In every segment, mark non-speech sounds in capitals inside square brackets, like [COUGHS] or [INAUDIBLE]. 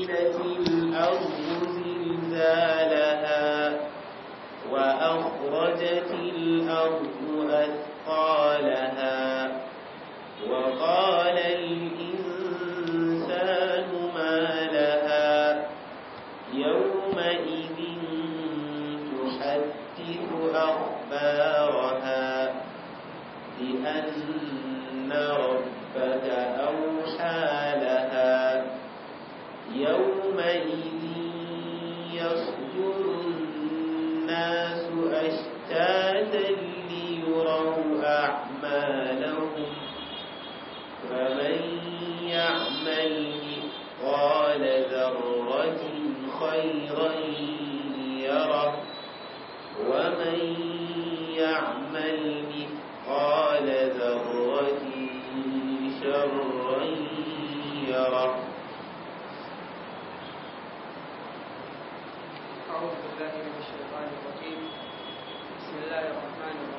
الأرض زلزالها وأخرجت الأرض أثقالها وقال الإنسان ما لها يومئذ تحدث أخبارها بأن ربك أولا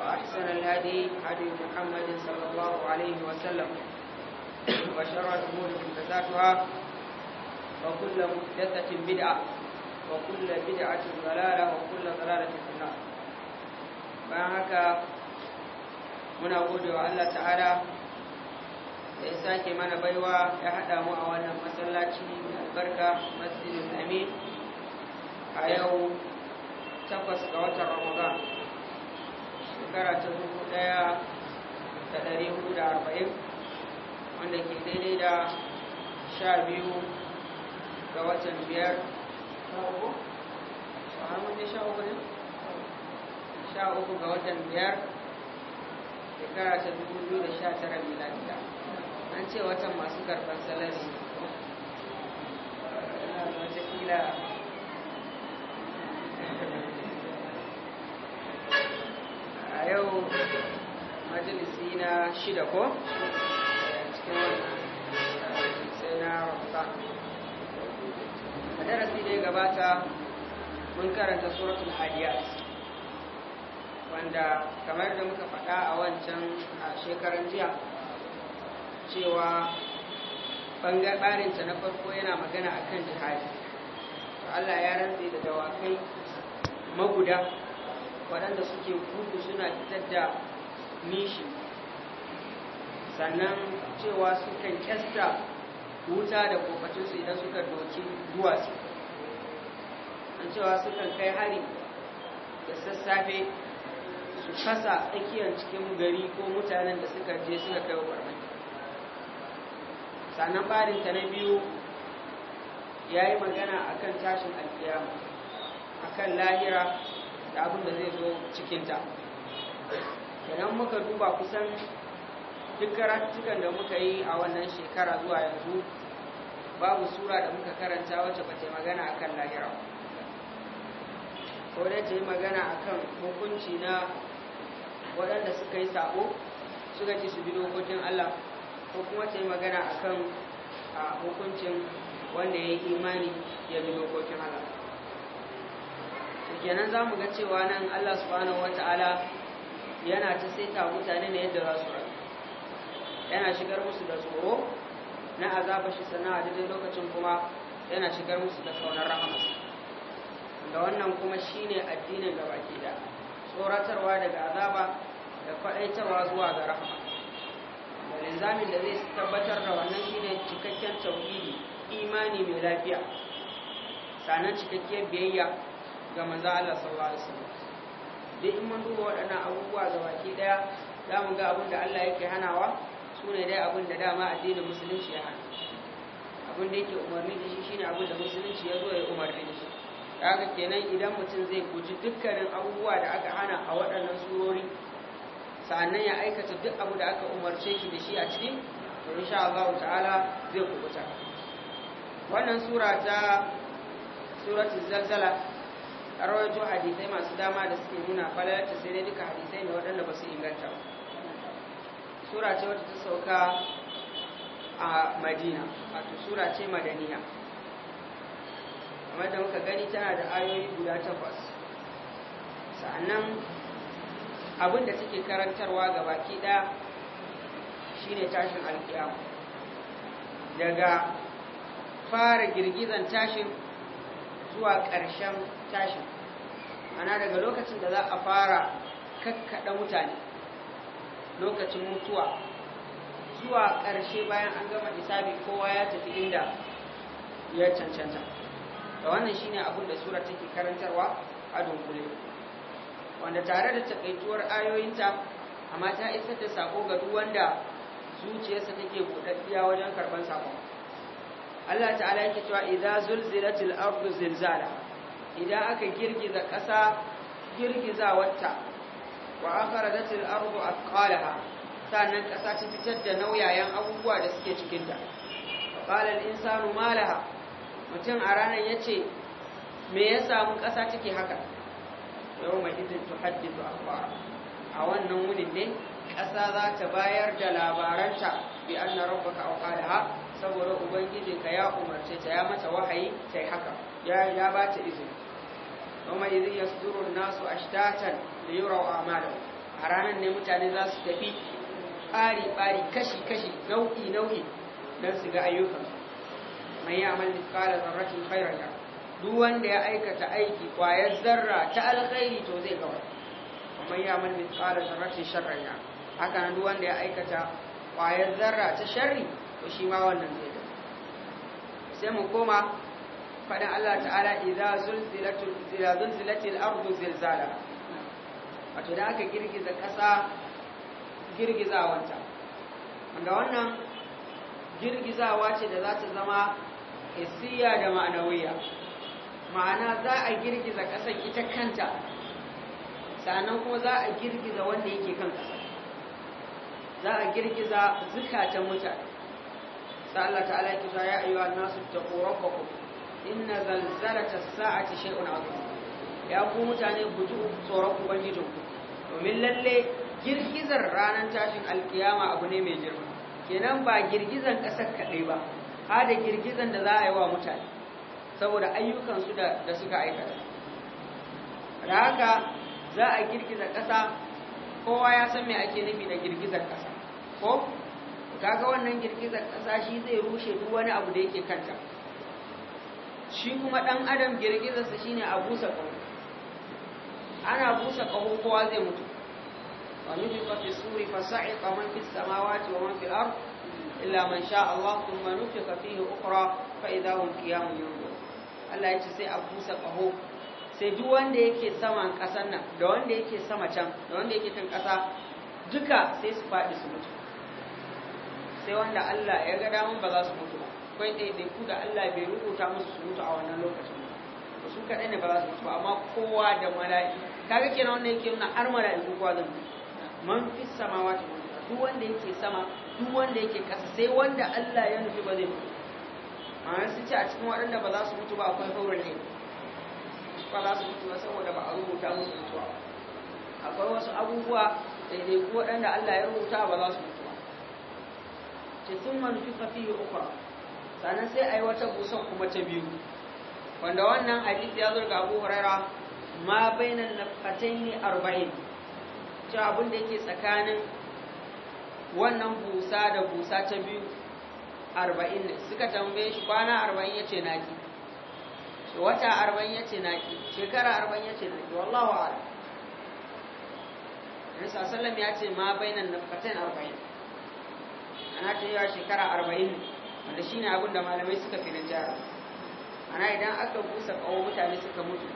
وأحسن الهدي هدي محمد صلى الله عليه وسلم وشر الأمور محدثاتها وكل محدثة بدعة وكل بدعة ضلالة وكل ضلالة في النار bayan haka muna gode wa Allah ta'ala da ya sake mana baiwa ya haɗa mu a wannan masallaci albarka masjidin amin a yau shekara ta dubu daya da ɗari hudu da arba'in wanda ke daidai da sha biyu ga watan biyar sha uku ga watan biyar shekara ta dubu biyu da sha tara miladiya an ce watan masu karfan salari wata kila majalisi na shida ko cikin wannan sai na ramadan a darasi da ya gabata mun karanta suratul hadiyat wanda kamar da muka faɗa a wancan a shekaran jiya cewa ɓangarinta na farko yana magana a kan jihadi Allah ya rantse da dawakai maguda waɗanda suke gudu suna fitar da nishi sannan cewa sukan kyasta wuta da kofacinsu idan suka doki duwatsu an cewa sukan kai hari da sassafe su kasa tsakiyar cikin gari ko mutanen da suka je suka kai farmaki sannan barinta na biyu ya yi magana a kan tashin alkiyama a kan lahira da abin da zai zo cikinta idan muka duba kusan duk karatukan da muka yi a wannan shekara zuwa yanzu babu sura da muka karanta wacce ba ta magana a kan lahira ko dai ta yi magana a kan hukunci na waɗanda suka yi sabo suka ci su bi dokokin Allah ko kuma ta yi magana a kan hukuncin wanda ya yi imani ya bi dokokin Allah kenan za mu ga cewa nan Allah subhanahu wata'ala yana ta saita mutane ne yadda za su rayu yana shigar musu da tsoro na azaba shi sana a daidai lokacin kuma yana shigar musu da kaunar rahamarsa da wannan kuma shine addinin da baki da tsoratarwa daga azaba da kwaɗaitarwa zuwa ga rahama da linzamin da zai tabbatar da wannan shine cikakken tauhidi imani mai lafiya sannan cikakken biyayya ga manzo Allah sallallahu alaihi wasallam duk in mun duba waɗannan abubuwa gabaki daya za mu ga abin da Allah yake hanawa su ne dai abin da dama addinin musulunci ya hana abin da yake umarni da shi shine abin da musulunci ya zo ya umarni da shi kaga kenan idan mutum zai guji dukkanin abubuwa da aka hana a waɗannan surori sannan ya aikata duk abu da aka umarce shi da shi a cikin? to insha Allah ta'ala zai kubuta wannan sura ta suratul zalzala a hadisai masu dama da suke nuna falalata sai dai duka hadisai ne waɗanda ba su inganta ba sura ce wata ta sauka a madina wato sura ce madaniya kamar da muka gani tana da ayoyi guda takwas sa'annan abin da take karantarwa ga baki ɗaya shine tashin alkiyama daga fara girgizan tashin zuwa ƙarshen tashin ana daga lokacin da za a fara kakkaɗa mutane lokacin mutuwa zuwa ƙarshe bayan an gama isabi kowa ya tafi inda ya cancanta da wannan shine abin da sura take karantarwa a dunkule wanda tare da takaituwar ayoyinta amma ta isar da sako ga duk wanda zuciyarsa take buɗaɗɗiya wajen karɓar sako. Allah ta'ala yake cewa idza zulzilatil ardu zilzala idan aka girgiza ƙasa wata wa akharajatil ardu athqalaha sannan ƙasa ta fitar da nauyayen abubuwa da suke cikin ta qala al insanu malaha mutum a ranar yace me ya samu ƙasa take haka Yau yawma idin tuhaddithu akhbara a wannan wunin ne ƙasa za ta bayar da labaranta bi anna rabbaka awqalaha saboda ka ya umarce ta ya mata wahayi ta haka ya ba ta izini yawma idhin yasduru an-nasu ashtatan li yuraw a'malahum a ranar ne mutane za su tafi bari bari kashi kashi nau'i nau'i dan su ga ayyukan man ya'mal mithqala dharratin khairan yara duk wanda ya aikata aiki kwayar zarra ta alkhairi to zai ga wani ya ya'mal mithqala dharratin sharran yara haka nan duk wanda ya aikata kwayar zarra ta sharri to shi ma wannan zai ga sai mu koma faɗin Allah ta'ala idza zulzilatul zulzilatil ardu zilzala wato da aka girgiza kasa girgizawanta wanda wannan girgizawa ce da za ta zama hissiya da ma'anawiya ma'ana za a girgiza ƙasar ita kanta sannan kuma za a girgiza wanda yake kan ƙasar za a girgiza zukatan mutane sa Allah ta'ala ya kira ya ayyuhan nasu taqu inna zalzalata sa'ati shay'un azim ya ku mutane ku ji tsoron ubangijin ku domin lalle girgizar ranar tashin alkiyama abu ne mai girma kenan ba girgizan kasar kadai ba har da girgizan da za a yi wa mutane saboda ayyukan su da suka aikata da haka za a girgiza ƙasa kowa ya san me ake nufi da girgizar ƙasa ko kaga wannan girgizar kasa shi zai rushe duk wani abu da yake kanta shi kuma ɗan adam girgizarsa shine a busa ƙaho ana busa ƙaho kowa zai mutu wa nufiqa fi suri fa sa'iqa man fi samawati wa man fi al-ard illa man sha Allah nufi nufiqa fihi ukhra fa idha hum qiyam yunzur Allah ya ce sai a busa ƙaho sai duk wanda yake saman ƙasar nan da wanda yake sama can da wanda yake kan ƙasa duka sai su faɗi su mutu sai wanda Allah ya ga damun ba za su mutu akwai ɗaiɗaiku da Allah bai rubuta musu su mutu a wannan lokacin ba su kaɗai ne ba za su mutu amma kowa da mala'i kaga kenan wannan yake nuna har ko kowa zan man fi samawati duk wanda yake sama duk wanda yake ƙasa sai wanda Allah ya nufi ba zai mutu amma su ce a cikin waɗanda ba za su mutu ba akwai haurin ne ba za su mutu ba saboda ba a rubuta musu ba akwai wasu abubuwa ɗaiɗaiku waɗanda Allah ya rubuta ba za su mutu ba. Tattun manufi fafi ukura sannan sai a yi wata busan kuma ta biyu wanda wannan hadisi ya zurga abu huraira ma nan lafatai ne arba'in cewa abin da yake tsakanin wannan busa da busa ta biyu arba'in ne suka tambaye shi kwana arba'in ya ce naki wata arba'in ya ce naki shekara arba'in ya ce naki wallahu ala Nisa Sallam ya ce ma bainan lafatai arba'in ana ta yi shekara arba'in ne wanda shine abin da malamai suka fi jara ana idan aka busa kawo mutane suka mutu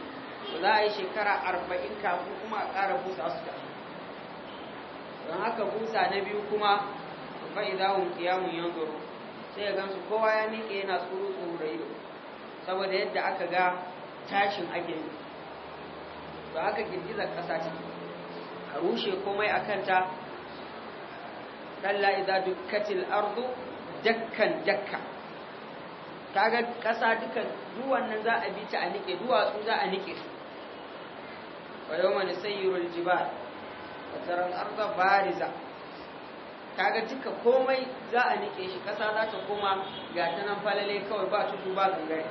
to za a yi shekara arba'in kafin kuma a ƙara busa su da don haka busa na biyu kuma fa idahum qiyamun yanzuru sai ya gansu kowa ya miƙe yana tsuru tsuru da ido saboda yadda aka ga tashin ake yi ba aka girgizar ƙasa ciki a rushe komai a kanta ɗalla iza dukkatil ardu dakkan dakka kaga ƙasa dukan duwan nan za a bi ta a nike duwatsu za a nike su wa yawma nusayyirul jibal wa al arda bariza kaga duka komai za a nike shi ƙasa za ta koma ga ta nan falale kawai ba tudu ba gangare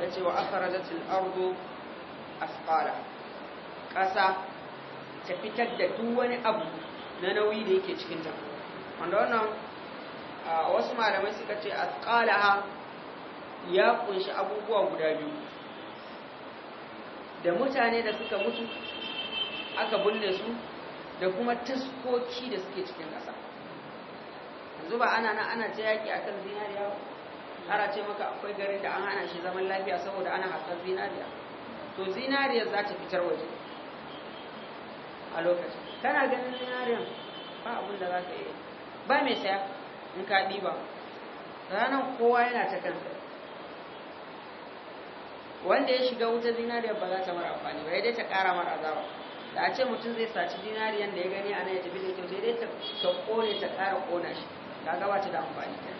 yace ce wa akharajatil ardu asqala ƙasa ta fitar da duk wani abu na nauyi da yake cikin ta wanda wannan wasu malamai suka ce a asqalaha ya kunshi abubuwa guda biyu da mutane da suka mutu aka bulle su da kuma taskoci da suke cikin ƙasa yanzu ba ana nan ana ta yaƙi akan zinariya ana ce maka akwai garin da an hana shi zaman lafiya saboda ana haƙar zinariya to zinariya za ta fitar waje a lokacin tana ganin zinariya. ba abin za ka yi ba mai saya in ka ɗiba ranar kowa yana ta kansa wanda ya shiga wuta zinariyar ba za ta mara amfani ba ya dai ta ƙara mara azaba da a ce mutum zai saci zinariyar da ya gani a nan ya tafi da kyau sai dai ta ƙone ta ƙara ƙona shi ga gaba ta da amfani ta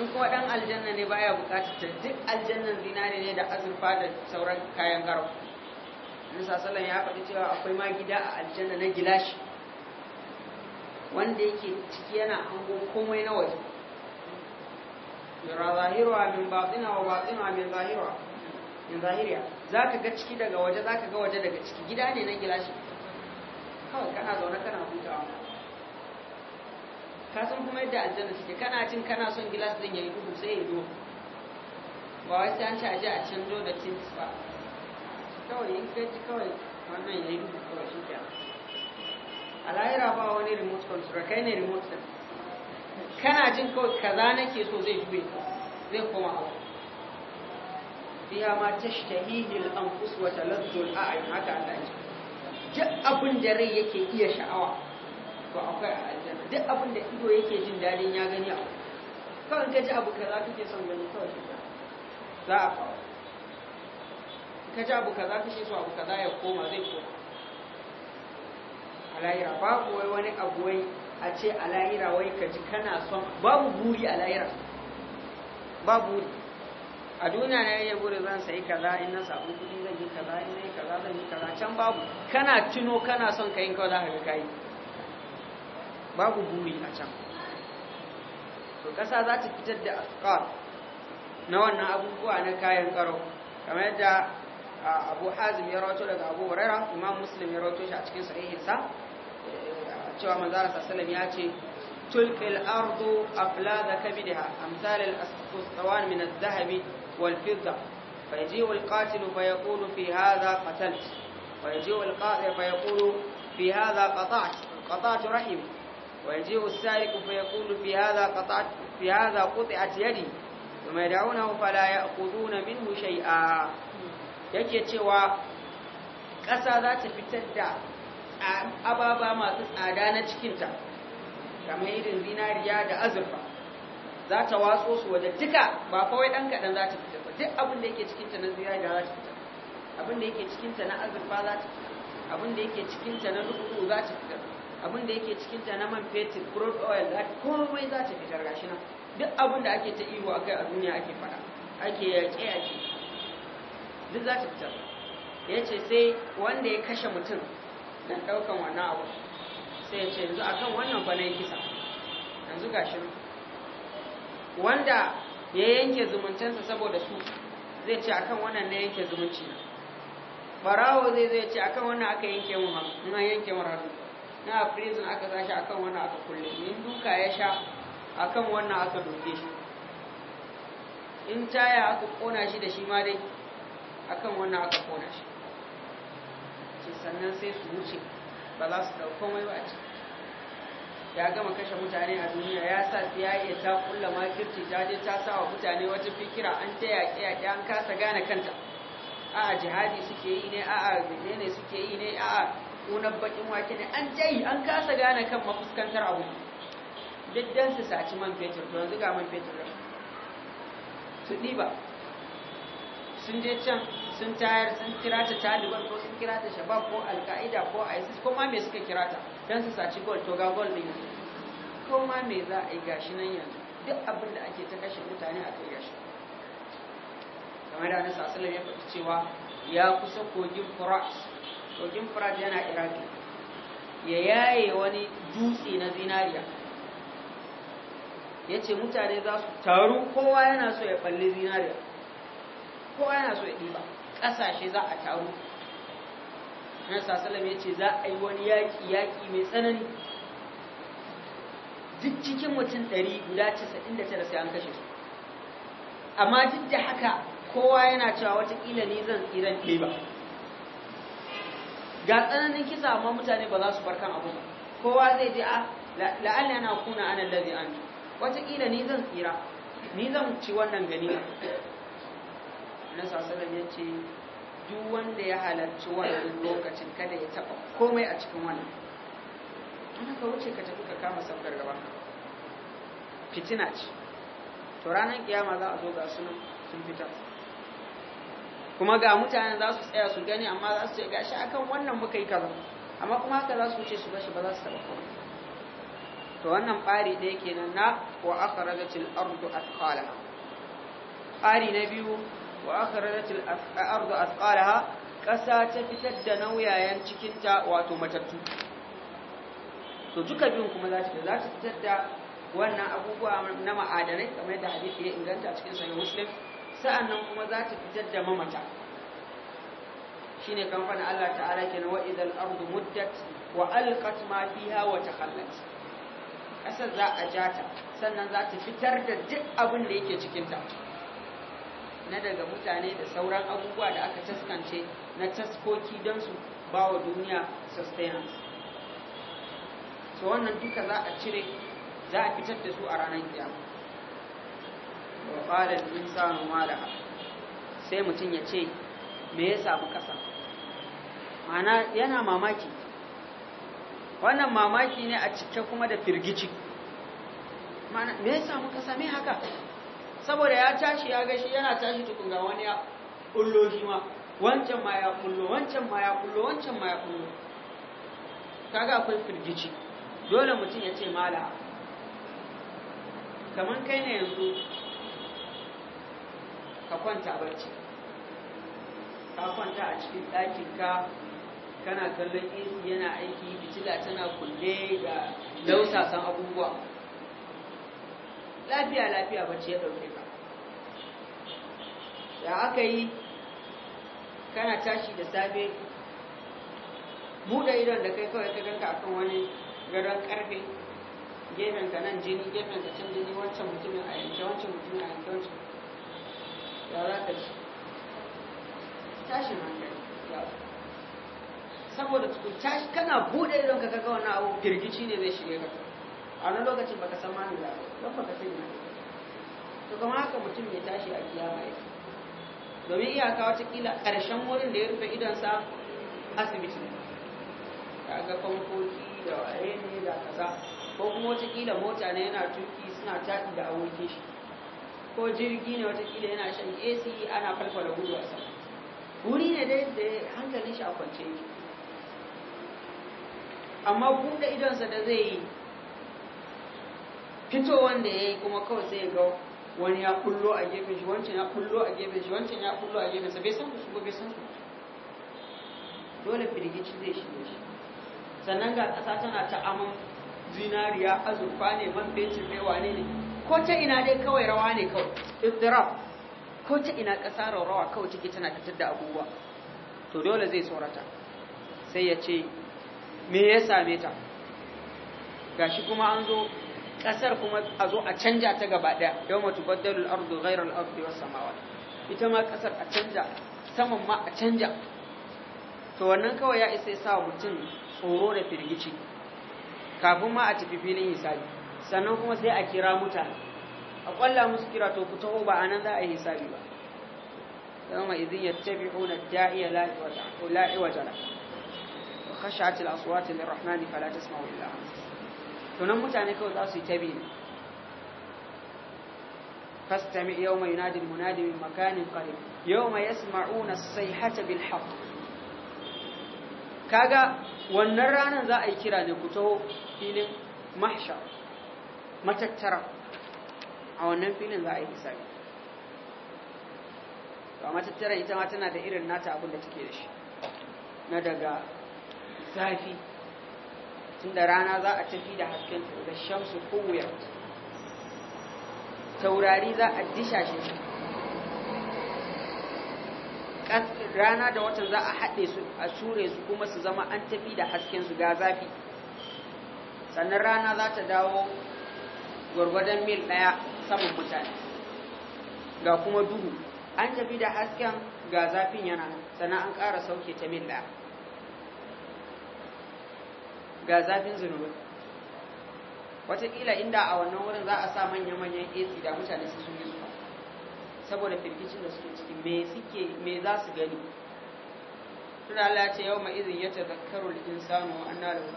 in kuma ɗan aljanna ne baya buƙatar ta duk aljannan zinari ne da azurfa da sauran kayan garau. Musa sallan ya faɗi cewa akwai ma gida a aljanna na gilashi wanda yake ciki yana hango komai na waje yara zahirwa min batina wa batina min zahirwa min zahiriya za ka ga ciki daga waje za ka ga waje daga ciki gida ne na gilashi kawai kana zaune kana hutawa ka san kuma yadda aljanna suke kana jin kana son gilas din yayi duhu sai ya yi duhu ba wai sai an ci aje a canjo da tins ba kawai in kai ji kawai wannan yayi duhu kawai shi kenan a ba wani remote control kai ne remote din kana jin kawai kaza nake so zai jube zai koma hawa biya ma tashtahihi al-anfus wa taladdu al-a'yun haka Allah ya duk abin da rai yake iya sha'awa to akwai a aljanna duk abin da ido yake jin dadin ya gani a kawai ka ji abu kaza kake son gani kawai za a kawo ka ji abu kaza kake so abu kaza ya koma zai koma a lahira babu wai wani abu wai a ce a lahira wai ka ji kana son babu buri a lahira babu buri a duniya na yayye buri zan sayi kaza in na samu kudi zan yi kaza in na yi kaza zan yi kaza can babu kana tuno kana son ka yi kawai za ka ga kayi babu buri a can to ƙasa za ta fitar da asƙar na wannan abubuwa na kayan karo kamar yadda abu hazim ya rawato daga abu hurairah imam muslim ya rawato shi a cikin sahihinsa cewa manzara sallallahu ya ce tulqil ardu aflada kabidha amsal al-asqawan min adh-dhahab wal-fidda fayaji'u al-qatil fayaqulu fi hadha qatalt wayaji'u al-qatil fayaqulu fi hadha qata'at qata'tu rahim ويجيء السارق فيقول في هذا قطعت في هذا قطعت يدي ثم يدعونه فلا يأخذون منه شيئا yake cewa ƙasa za ta fitar da ababa masu tsada na cikinta kamar irin zinariya da azurfa za ta watso su wadda duka ba kawai ɗan kaɗan za ta fita ba duk abin da yake cikinta na zinariya za ta fitar abin da yake cikinta na azurfa za ta fitar abin da yake cikinta na rubutu za ta fitar abin da yake cikinta na man fetur crude oil za ta komai za ta fitar gashi nan duk abin da ake ta ihu akai a duniya ake faɗa ake yaƙe yaƙe duk za ta fitar ya ce sai wanda ya kashe mutum don ɗaukan wannan abu sai ya ce yanzu a kan wannan banai kisa yanzu ga shi wanda ya yanke zumuntansa saboda su zai ce akan wannan na yanke zumunci barawo zai zai ce akan wannan aka yanke mu na yanke mu hannu na prison aka sashi akan wannan aka kulle in duka ya sha akan wannan aka doke shi in taya aka kona shi da shi ma dai akan wannan aka kona shi ce sannan sai su wuce ba za su ɗauko mai ba ce ya gama kashe mutane a duniya ya sa iya ta kulla makirci ta je ta sa wa mutane wata fikira an ta yaƙe yaƙe an kasa gane kanta a'a jihadi suke yi ne a'a ne suke yi ne a'a kunan bakin wake ne an jayi an kasa gane kan mafuskantar abu duk dan su saci man fetur to yanzu ga man fetur su ɗiba sun je can sun tayar sun kira ta taliban ko sun kira ta shabab ko alka'ida ko isis ko ma me suka kira ta don su saci gol to ga gol ne ko ma me za a yi gashi nan yanzu duk abin da ake ta kashe mutane a kai gashi kamar da anasa asalin ya faɗi cewa ya kusa kogin furat kogin furat yana iraki ya yaye wani dutse na zinariya ya ce mutane za su taru kowa yana so ya falli zinariya kowa yana so ya ɗiba ƙasashe za a taru na sasalam ya ce za a yi wani yaƙi yaƙi mai tsanani duk cikin mutum ɗari guda casa'in da tara sai an kashe su amma duk da haka kowa yana cewa watakila ne zan tsiran ɗaya ba ga tsananin kisa amma mutane ba za su farkan abu ba kowa zai je ah, a la'alla na kuna anan lazi an watakila ne zan tsira ni zan ci wannan ganima annabi sallallahu ya ce duk wanda ya halarci wannan [COUGHS] lokacin kada ya taba komai a cikin wannan ana ka wuce ka tafi ka kama safar gaba fitina ce to ranar kiyama za a zo ga su sun fita kuma ga mutanen za su tsaya su gani amma za su ce gashi akan wannan muka yi kaza amma kuma haka za su wuce su bashi ba za su taba komai to wannan ɓari ɗaya kenan na wa akhrajatil ardu athqalaha ɓari na biyu wa aka akhrajatil ardu athqalaha ƙasa ta fitar da nauyayen cikinta wato matattu to duka biyun kuma za ta za ta fitar da wannan abubuwa na ma'adanai kamar yadda hadisi ya inganta a cikin sahih muslim sa'annan kuma za ta fitar da mamata shine kamfanin Allah ta'ala kenan wa idal ardu muddat wa alqat ma fiha wa takhallat ƙasar za a jata sannan za ta fitar da duk abin da yake cikinta na daga mutane da sauran abubuwa da aka taskance na taskoki don su ba wa duniya sustenance so wannan duka za a cire za a fitar da su a ranar kiyama wa qala al-insanu ma laha sai mutum ya ce me ya samu kasa ma'ana yana mamaki wannan mamaki ne a cike kuma da firgici ma'ana me ya samu kasa me haka saboda ya tashi ya gashi yana tashi tukun ga wani ya kullo shi ma wancan ma ya kullo wancan ma ya kullo wancan ma ya kullo kaga akwai firgici dole mutum ya ce mala kamar kai ne yanzu ka kwanta barci ka kwanta a cikin ɗakinka kana kallon AC yana aiki fitila tana kulle ga lausasan abubuwa lafiya lafiya bacci ya dauke ka da aka yi kana tashi da safe buɗe idon da kai kawai ka ganka akan wani gadon ƙarfe gefen ka nan jini gefen ka can jini wancan mutumin a yanke wancan mutumin a yanke wancan ya za ka ci tashin hankali saboda tukun tashi kana buɗe idon ka kaga wani abu girgici ne zai shige ka a wani lokacin baka san mani ba don baka sanya to kama haka mutum ya tashi a kiyama ya domin iyaka kila ƙarshen wurin da ya rufe idonsa asibiti ne ka ga kwamfoki da waye ne da kaza ko kuma watakila mota ne yana tuki suna taɗi da abokin shi ko jirgi ne kila yana shan ac ana falfala gudu a sama wuri ne dai da hankalin shi a kwance amma buɗe idonsa da zai yi fito wanda ya yi kuma kawai sai ga wani ya kullo a gefen shi wancan ya kullo a gefen shi wancan ya kullo a gefen sa bai san su ba bai san su dole firgici zai shi shi sannan ga ƙasa tana ta aman zinariya azurfa ne man fetur mai wane ne ko ta ina dai kawai rawa ne kawai iftiraf ko ta ina ƙasa rawa kawai take tana fitar da abubuwa to dole zai tsorata sai ya ce me ya same ta gashi kuma an zo kasar kuma a zo a canja ta gaba ɗaya, yau mutu baddalu al-ardu ghayra al ita ma kasar a canja saman ma a canja to wannan kawai ya isa sa mutum tsoro da firgici kafin ma a tafi filin hisabi sannan kuma sai a kira mutane a kwalla musu kira to ku taho ba anan za a yi hisabi ba yawma idhin yattabi'una ad-da'iya la ilaha illa huwa la ilaha illa huwa khashat al to mutane kawai za su yi ta biyu fastami yawma yunadi munadi min makanin mai yawma ma'una sai hata bil haqq kaga wannan ranar za a yi kira ne ku taho filin mahsha, matattara a wannan filin za a yi hisabi ba matattara ita ma tana da irin nata abin da take da shi na daga zafi tunda rana za a tafi da hasken ta da shamsu kuwiyar taurari za a dishashe shi. rana da watan za a haɗe su a ture su kuma su zama an tafi da hasken su ga zafi sannan rana za ta dawo gwargwadon mil ɗaya saman mutane ga kuma duhu an tafi da hasken ga zafin yana sannan an ƙara sauke ta mil ɗaya ga zafin zunubi wataƙila inda a wannan wurin za a sa manya-manyan ac da mutane su sun yi zuwa saboda firgicin da suke ciki me suke me za su gani tun Allah ce yau mai izin ya tazakkaru insanu anna lahu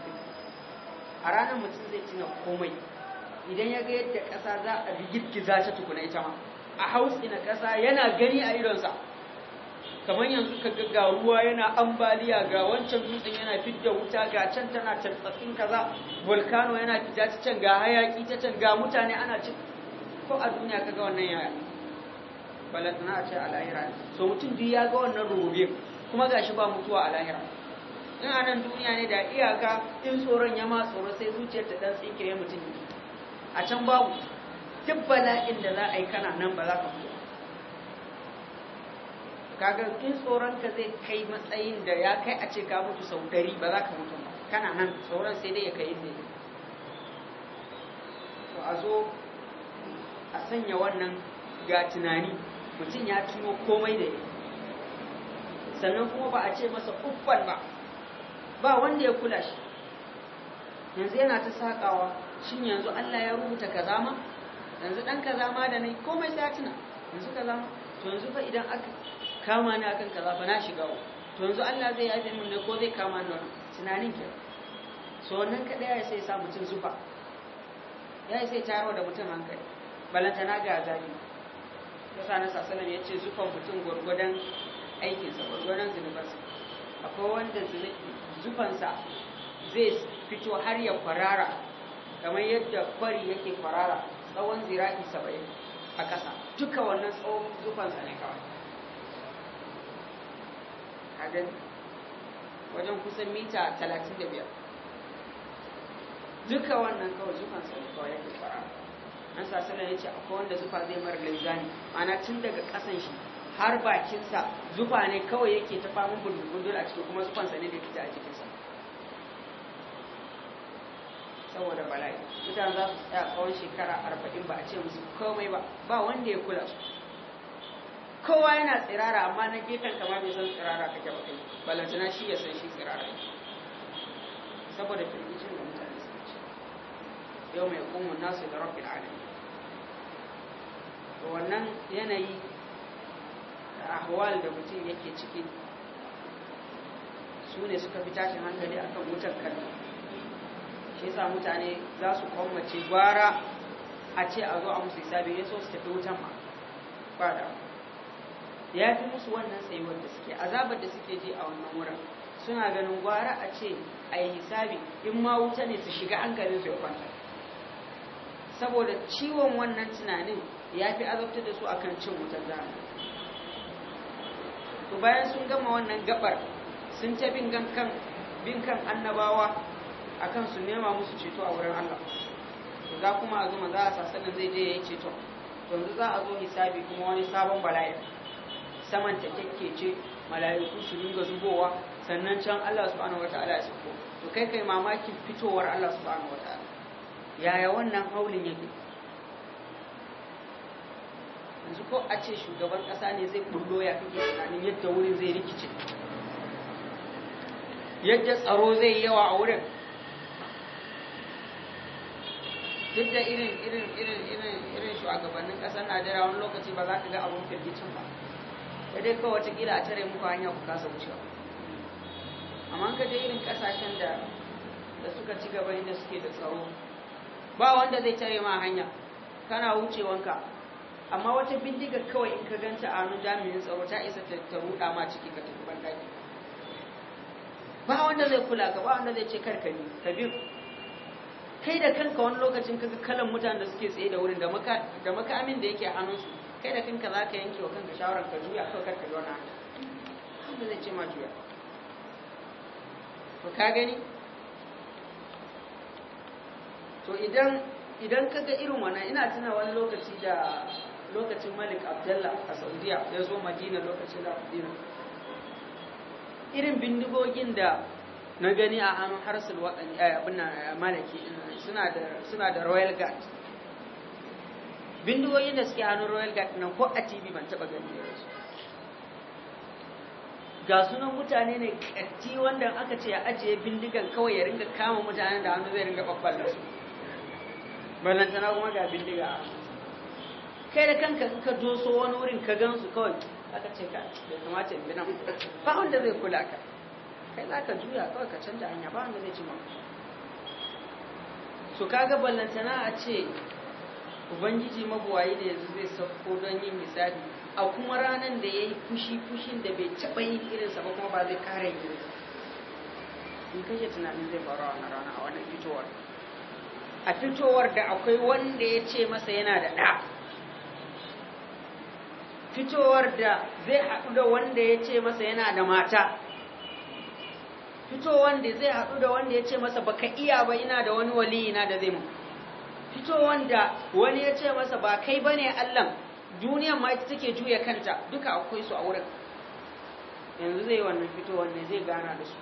a ranar mutum zai tuna komai idan ya ga yadda ƙasa za a bi za ta tukuna ita ma a hausa ina ƙasa yana gani a idonsa kamar yanzu ka ga ruwa yana ambaliya ga wancan dutsen yana fidda wuta ga can tana tantsatsin kaza volcano yana fita ta can ga hayaki ta can ga mutane ana ci ko a duniya kaga wannan ya balatna ce a lahira so mutum duk ya ga wannan rububin kuma gashi ba mutuwa a lahira in a nan duniya ne da iyaka in tsoron ya ma tsoro sai zuciyar ta dan tsikire mutum a can babu duk bala'in da za a yi kana nan ba za ka fito kaga in tsoron ka zai kai matsayin da ya kai a ce ka mutu sau dari ba za ka mutu ba kana nan tsoron sai dai ya kai ne to a zo a sanya wannan ga tunani mutum ya tuno komai da ya sannan kuma ba a ce masa uffan ba ba wanda ya kula shi yanzu yana ta sakawa shin yanzu Allah ya rubuta ka zama yanzu dan ka zama da nai komai sai tuna yanzu ka zama to yanzu fa idan aka kama ni akan kaza fa na shiga to yanzu Allah zai yafe mun ne ko zai kama ni tunanin ke so wannan kadai ya sai sa mutum zufa ya sai taro da mutum hankali balanta na ga zabi yasa na sasalan ya ce zufan mutum gwargwadon aikinsa gwargwadon sa akwai wanda sa zai fito har ya kwarara kamar yadda kwari yake kwarara tsawon zira'i 70 a ƙasa duka wannan tsawon zufansa ne kawai a wajen kusan mita 35 duka wannan kawai zufan sarrafa kawai fi fara an sasana ya ce akwai wanda zufa zai mara linzani mana tun daga kasan shi har bakinsa zufa ne kawai yake ta famin dole a ciki kuma zufansa ne da fita a cikinsa saboda bala'i mutane za su tsaya tsawon shekara arba'in ba a ce musu komai ba ba wanda ya kula su kowa yana tsirara amma na gefen ma bai san tsirara ka ba kai balantana shi ya san shi tsirara saboda firgicin da mutane su ci yau mai kuma nasu da rabbil da wannan yanayi da ahwal da mutum yake ciki su ne suka fi tashin hankali a kan wutar kalma shi yasa mutane za su kwamace gwara a ce a zo a musu isabi ya so su tafi wutan ma ba da ya fi musu wannan tsayuwar da suke azabar da suke ji a wannan wurin suna ganin gwara a ce a yi hisabi in ma wuta ne su shiga an garin su ya kwanta saboda ciwon wannan tunanin ya fi azabtar da su akan cin wutar zama to bayan sun gama wannan gabar sun ta bin kan bin kan annabawa kan su nema musu ceto a wurin Allah za kuma a zuma za a sasanin zai je ya yi ceto yanzu za a zo hisabi kuma wani sabon bala'i saman ta ce mala'iku su dinga zubowa sannan can Allah subhanahu wataala ya sako to kai kai mamakin fitowar Allah subhanahu wataala yaya wannan haulin yake yanzu ko a ce shugaban ƙasa ne zai kullo ya kake tunanin yadda wurin zai rikice yadda tsaro zai yi yawa a wurin duk da irin irin irin irin irin shugabannin kasar Najeriya wani lokaci ba za ka ga abun firgicin ba da dai kawai watakila a tare muku hanya ku kasa wucewa amma ka dai irin kasashen da da suka ci gaba inda suke da tsaro ba wanda zai tare ma hanya kana wucewanka amma wata bindiga kawai in ka ganta a hannun jami'in tsaro ta isa ta ruɗa ma ciki ka tafi daki ba wanda zai kula ka ba wanda zai ce karka ni, kabir kai da kanka wani lokacin kaga kalan mutanen da suke tsaye da wurin da makamin da yake hannunsu kai da kanka za ka yanke wa kanka shawarar ka juya kawai karka ga wani hanta wanda zai ce ma juya to ka gani to idan idan ka ga irin wannan ina tuna wani lokaci da lokacin malik abdullah a saudiya ya zo madina lokacin da abdina irin bindigogin da na gani a hannun harsul waɗanda eh, abin na eh, malaki suna da royal guard bindigoyin da suke hannun royal guard nan ko a tv ban taba gani da su ga sunan mutane ne katti wanda aka ce ya ajiye bindigan kawai ya ringa kama mutanen da hannu zai ringa da su tana kuma ga bindiga kai da kanka in ka doso wani wurin ka gan su kawai aka ce ka bai kamata in bi nan ba wanda zai kula ka kai za ka juya kawai ka canja hanya ba wanda zai ci maka su kaga ballantana a ce ubangiji mabuwayi da yanzu zai sauko don yin misali a kuma ranar da ya yi fushi fushin da bai taɓa yin irinsa ba kuma ba zai kare yin irinsa in kashe tunanin zai faru a wannan rana a wannan fitowar a fitowar da akwai wanda ya ce masa yana da ɗa fitowar da zai haɗu da wanda ya ce masa yana da mata fitowar da zai haɗu da wanda ya ce masa baka iya ba ina da wani wali ina da zai mutu fitowar da wani ya ce masa ba kai ba ne Allah duniyar ma ita take juya kanta duka akwai su a wurin yanzu zai wannan fitowar ne zai gana da su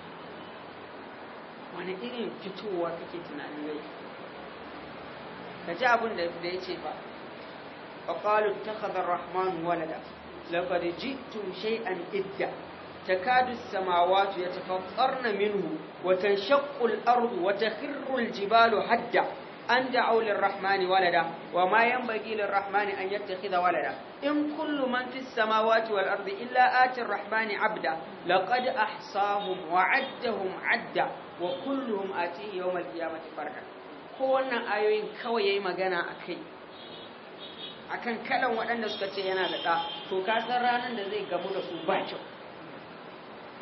wani irin fitowa kake tunanin rai ka ji abin da ya ce ba a kwalin ta kazar rahman walada lafari idda ta kadu samawa ya tafi tsarnaminu wata shakkul arzu wata hirrul jibalu hadda an da'u lirrahmani walada wa ma yanbaghi lirrahmani an yattakhidha walada in kullu man fis samawati wal ardi illa ati rahmani abda laqad ahsahum wa addahum adda wa kulluhum ati yawm al-qiyamati farda ko wannan ayoyin kawai yayi magana akai akan kalan waɗanda suka ce yana da ɗa to ka san ranar da zai gamu da su ba kyau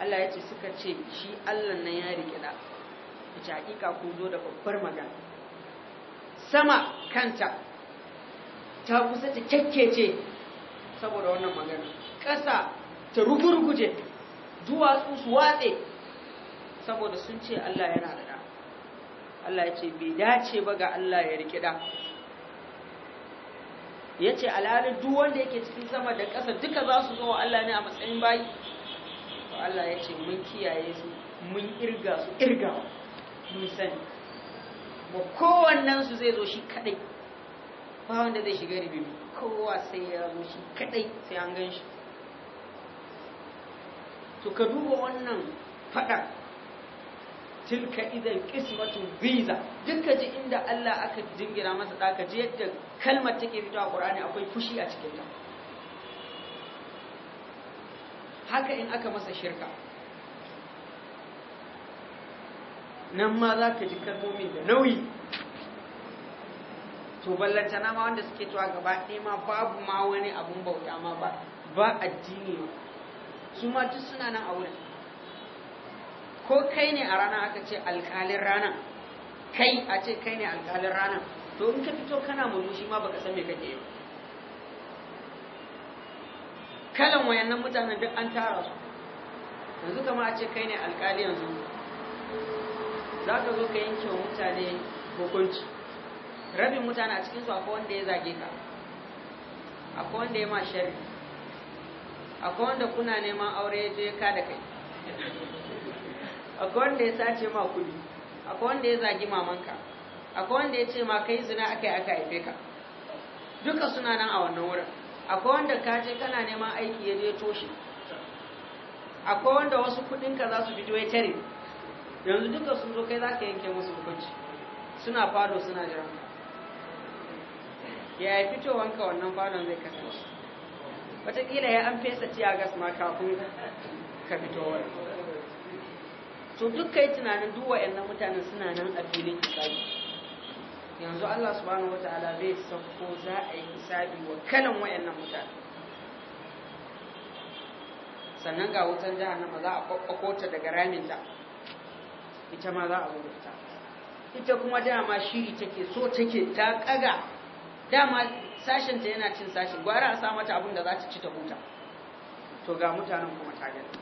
Allah ya ce suka ce shi Allah nan ya rike da ita hakika ku zo da babbar magana sama kanta ta kusa ta kyakkece saboda wannan magana ƙasa ta rugurguje duwatsu su watse saboda sun ce Allah yana da da Allah ya ce bai dace ba ga Allah ya riƙe ɗa ya ce alhali duk wanda yake cikin sama da ƙasa duka za su zo wa Allah ne a matsayin bayi Allah ya ce mun kiyaye su mun irga su irga mun sani ba kowannen su zai zo shi kadai ba wanda zai shiga ribibi kowa sai ya zo shi kadai sai an gan shi to ka duba wannan fada tilka idan qismatun biza duka ji inda Allah aka jingira masa da ka ji yadda kalmar take fito a Qur'ani akwai fushi a cikin ta haka in aka masa shirka nan ma za ka ji kalmomin da nauyi to na ma wanda suke tuwa gaba ɗaya ma babu ma wani abun bauta ma ba ba addini ba su ma duk suna nan a wurin ko kai ne a rana aka ce alkalin rana kai a ce kai ne alkalin rana to in ka fito kana murmushi ma baka san me kake yi kalan wayannan mutanen duk an tara su yanzu kama a ce kai ne alkali yanzu za ka zo ka yanke wa mutane hukunci rabin mutane a cikinsu akwai wanda ya zage ka akwai wanda ya ma shari. akwai wanda kuna neman aure ya je ka da kai akwai wanda ya sace ma kudi akwai wanda ya zagi mamanka akwai wanda ya ce ma kai zina yi aka haife ka duka suna nan a wannan wurin akwai wanda ka je kana neman aiki ya je toshe akwai wanda wasu kudinka za su fito ya tare yanzu duka sun zo kai za ka yanke musu hukunci suna fado suna jiran ya yi fitowanka wannan fadon zai kasance wataƙila ya an fesa ciya gas ma kafin ka fito wani to duk kai tunanin duk wayannan mutanen suna nan a filin hisabi yanzu Allah subhanahu ta'ala zai sauko za a yi hisabi wa kalan waɗannan mutane sannan ga wutan jihar ba za a kwakwakwota daga raminta ita ma za a zo da ita ita kuma dama shi take so take ta kaga dama sashen ta yana cin sashen gwara a sa mata abin da za ta ci ta huta to ga mutanen kuma ta gani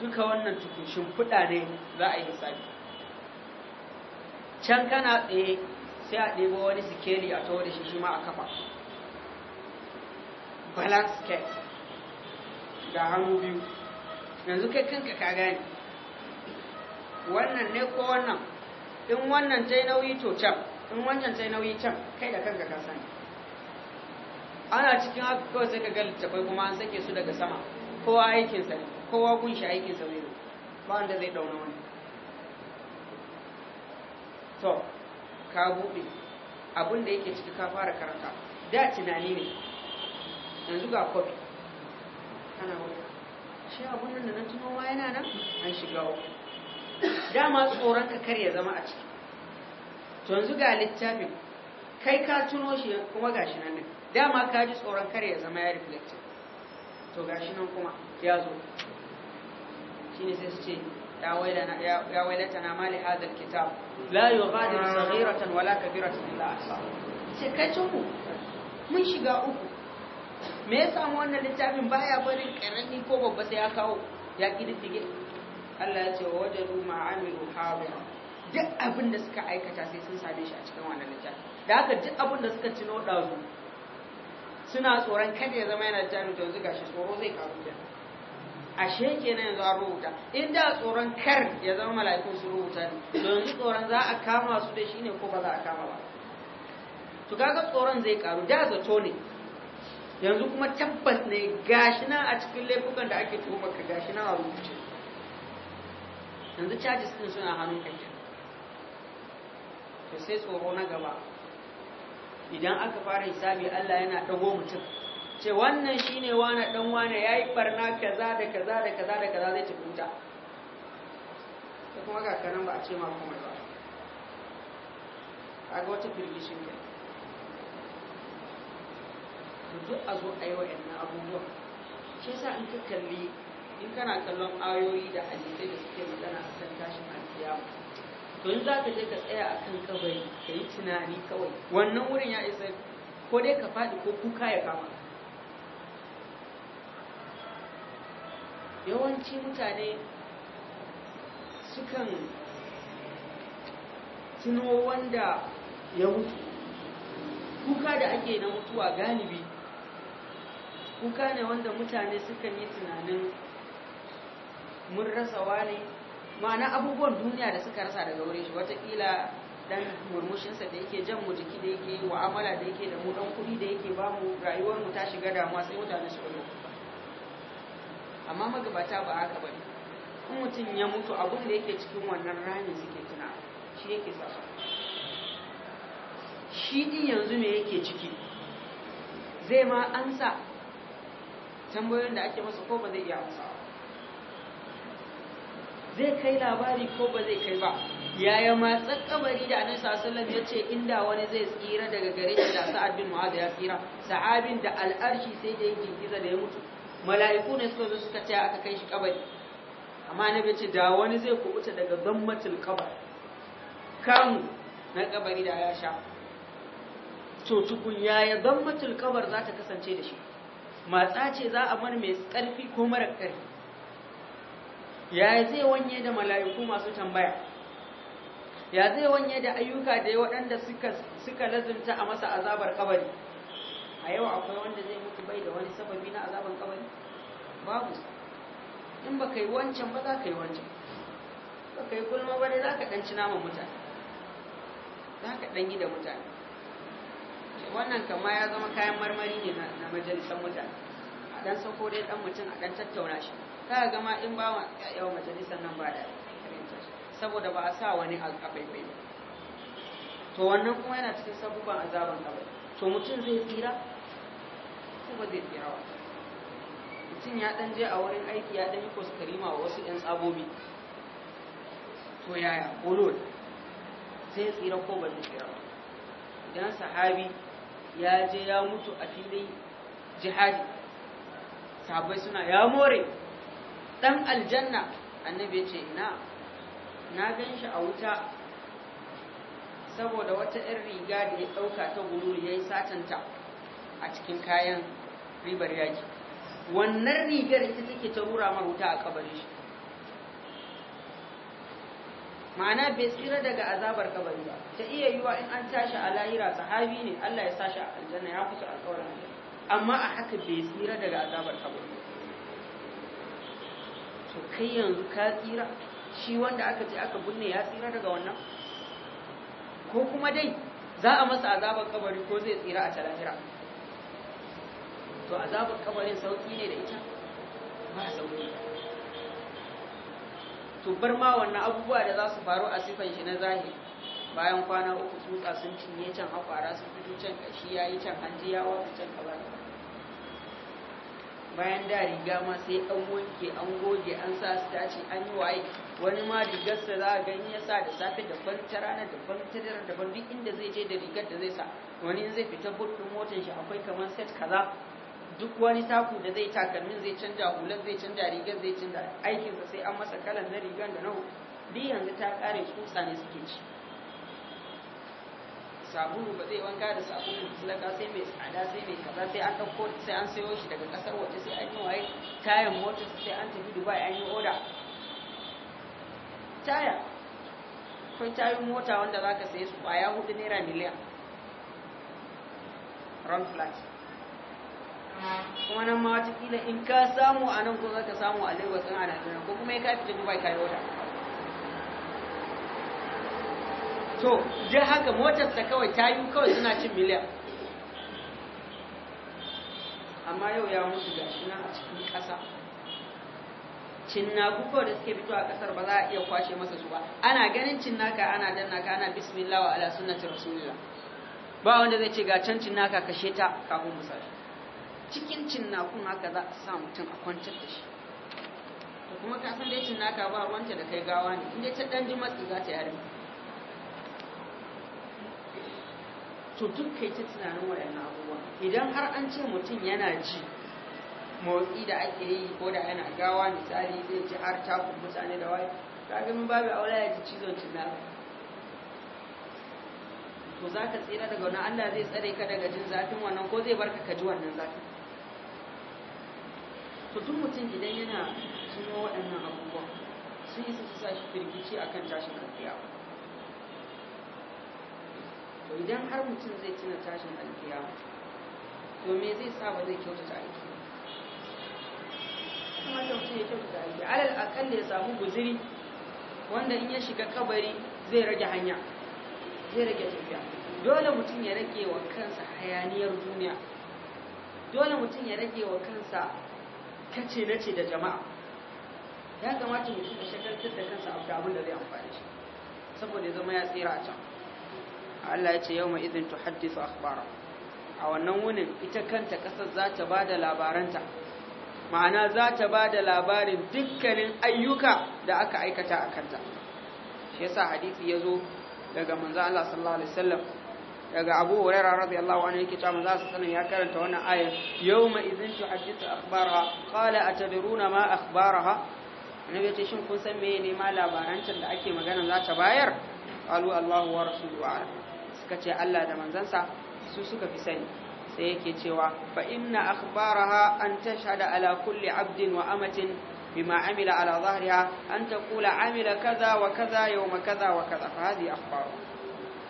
duka wannan cikin shimfiɗa ne za a yi misali can kana tsaye sai a ɗebo wani sikeli a tawo da shi shi ma a kafa balance scale ga hannu biyu yanzu kai kanka ka gane wannan ne ko wannan in wannan tai nauyi to can in wancan tai nauyi can kai da kanka ka sani ana cikin haka kawai sai ka ga littafai kuma an sake su daga sama kowa aikinsa ne kowa kunshi aikinsa ne ba wanda zai dauna wani to ka buɗe abin da yake ciki ka fara karanta da tunani ne yanzu ga kofi ana wani shi abin da na tuno ma yana nan an shiga uku dama tsoron ka kar ya zama a ciki to yanzu ga littafin kai ka tuno shi kuma gashi nan din dama ka ji tsoron kar ya zama ya reflective to gashi nan kuma ya zo shine sai su ce ya wailana ya tana mali hadal kitab la yughadiru saghiratan wala kabiratan illa ahsa sai kai ku? mun shiga uku me ya samu wannan littafin baya barin karami ko babba sai ya kawo ya kididdige Allah ya ce wajadu ma'amilu hadira duk abin da suka aikata sai sun same shi a cikin wannan littafi da haka duk abin da suka cino dazu suna tsoron kada ya zama yana jami to yanzu gashi tsoro zai karu da ashe kenan yanzu an rubuta inda tsoron kar ya zama mala'iku su rubuta ne to yanzu tsoron za a kama su da shi ne ko ba za a kama ba to kaga tsoron zai karu da zato ne yanzu kuma tabbas ne gashi na a cikin laifukan da ake tuhumar ka gashi na a rubuce yanzu charges din suna hannun kai to sai tsoro na gaba idan aka fara hisabi Allah yana dago mutum ce wannan shine wani dan wani yayi barna kaza da kaza da kaza da kaza zai tafi ta kuma ga kanan ba a ce ma komai ba a ga wata firgishin kai duk a zo a yi wa'annan abubuwa shi yasa in ka kalli in kana kallon ayoyi da hadisai da suke magana a kan tashin alkiyama to in za ka je ka tsaya a kan kabari ka yi tunani kawai wannan wurin ya isa ko dai ka faɗi ko kuka ya kama yawanci mutane sukan tuno wanda ya mutu kuka da ake na mutuwa galibi kuka ne wanda mutane sukan yi tunanin mun rasa wani ma'ana abubuwan duniya da suka rasa daga wurin shi watakila dan murmushinsa da yake jan mu jiki da yake wa'amala da yake da mu dan kuɗi da yake ba mu rayuwar mu ta shiga damuwa sai mutane su ɗauko amma magabata ba haka bane in mutum ya mutu abun da yake cikin wannan rani suke tuna shi yake sa shi din yanzu me yake ciki zai ma ansa tambayoyin da ake masa ko ba zai iya amsawa zai kai labari ko ba zai kai ba yaya matsan kabari da annabi sallallahu ya ce inda wani zai tsira daga gare shi da sa'ad bin mu'adh ya tsira sahabin da al'arshi sai da ya girgiza da ya mutu mala'iku ne suka zo suka taya aka kai shi kabari amma annabi ce da wani zai kubuta daga zammatul kabar kan na kabari da ya sha to tukun yaya zammatul kabar za ta kasance da shi matsa ce za a mana mai karfi ko mara karfi ya zai wanye da mala'iku masu tambaya ya zai wanye da ayyuka da waɗanda suka suka lazimta a masa azabar kabari a yau akwai wanda zai mutu bai da wani sababi na azabar kabari babu in ba yi wancan ba za ka yi wancan ba yi gulma ba ne za ka ɗanci naman mutane za ka yi da mutane wannan kama ya zama kayan marmari ne na majalisar mutane a ɗan sauko dai ɗan mutum a ɗan tattauna shi kaga gama in ba wa yawan majalisar nan ba da saboda ba a sa wani abai bai to wannan kuma yana cikin sabuban azaban kabari to mutum zai tsira kuma zai tsira wa mutum ya dan je a wurin aiki ya dan yi koskarima wa wasu yan tsabobi to yaya bolol zai tsira ko ba zai tsira ba idan sahabi ya je ya mutu a filin jihadi sahabai suna ya more dan aljanna annabi ya ce ina na gan shi a wuta saboda wata ɗan riga da ya ɗauka ta gururi ya yi satanta a cikin kayan ribar yaki wannan rigar ita take ta rura mar wuta a kabari shi ma'ana bai tsira daga azabar kabari ba ta iya yiwa in an tashi a lahira sahabi ne Allah ya sashi a aljanna ya kusa alƙawarin amma a haka bai tsira daga azabar kabari to kai yanzu ka tsira shi wanda aka ce aka binne ya tsira daga wannan ko kuma dai za a masa azabar kabari ko zai tsira a talahira to azabar kabarin sauki ne da ita ba sauki to bar ma wannan abubuwa da za su faru a sifan shi na zahiri bayan kwana uku tsutsa sun cinye can hakwara sun fito can kashi yayi can hanji ya wata can kabari bayan da riga ma sai an wanke an goge an sa su tace an yi waye wani ma rigarsa za a gani ya sa da safe daban ta rana daban ta dare daban duk inda zai je da rigar da zai sa wani in zai fita buɗin motar shi akwai kamar set kaza duk wani taku da zai takalmin zai canja hular zai canja rigar zai canja aikinsa sai an masa kalan na rigar da nau duk yanzu ta kare tsutsa ne suke ci sabulu ba zai wanka da sabulu mutlaka sai mai tsada sai mai kaza sai an ɗauko sai an sayo shi daga ƙasar waje sai an yi waye tayan motar sai an tafi dubai an yi oda taya akwai tayoyin mota wanda za ka saye su kwaya hudu naira miliyan run flat kuma nan ma watakila in ka samu a nan ko za ka samu a lagos ɗin a najeriya ko kuma ya kafi ta dubai ka yi oda to je haka motarsa kawai ta yi kawai suna cin miliyan amma yau ya mutu da nan a cikin ƙasa kuka da suke fito a ƙasar ba za a iya kwashe masa su ba ana ganin cinnaka ana ka ana bismillah wa ala sunnati rasulillah ba wanda zai ce ga can cinnaka kashe ta kafin musashi cikin cinnakun haka za a sa mutum a kwantar da shi to kuma ka san dai cinnaka ba ruwanta da kai gawa ne in dai ta dan ji matsi za ta yi to duk kai ta tunanin waɗannan abubuwa idan har an ce mutum yana ji motsi da ake yi ko da yana gawa misali zai ji har takun mutane da waye kaga mun babu aure ya ji cizon tunanin. to za ka tsira daga wannan Allah zai tsare ka daga jin zafin wannan ko zai barka ka ji wannan zafin to duk mutum idan yana tuno waɗannan abubuwa sun yi su sa shi firgici akan tashin karfiya to idan har mutum zai tuna tashin alkiya to me zai sa ba zai kyautata aiki kuma da mutum ya ta aiki alal da ya samu guziri wanda in ya shiga kabari zai rage hanya zai rage tafiya dole mutum ya rage wa kansa hayaniyar duniya dole mutum ya rage wa kansa kace na ce da jama'a ya kamata mutum ya shagaltar da kansa abu da abin da zai amfani shi saboda zama ya tsira a can Allah ya ce yawma idhin tuhaddisu akhbara a wannan wunin ita kanta kasar za ta bada labaranta ma'ana za ta bada labarin dukkanin ayyuka da aka aikata a kanta shi yasa hadisi ya zo daga manzo Allah sallallahu alaihi wasallam daga Abu Hurairah radiyallahu anhu yake cewa manzo sallallahu alaihi ya karanta wannan ayar yawma idhin tuhaddisu akhbaraha qala atadruna ma akhbaraha annabi ya ce shin kun san meye ne ma labarantar da ake magana za ta bayar qalu Allahu wa rasuluhu a'lam suka ce Allah da manzansa su suka fi sani sai yake cewa fa inna akhbaraha an tashhada ala kulli abdin wa amatin bima amila ala zahriha an taqula amila kaza wa kaza yawma kaza wa kaza fa hadi akhbar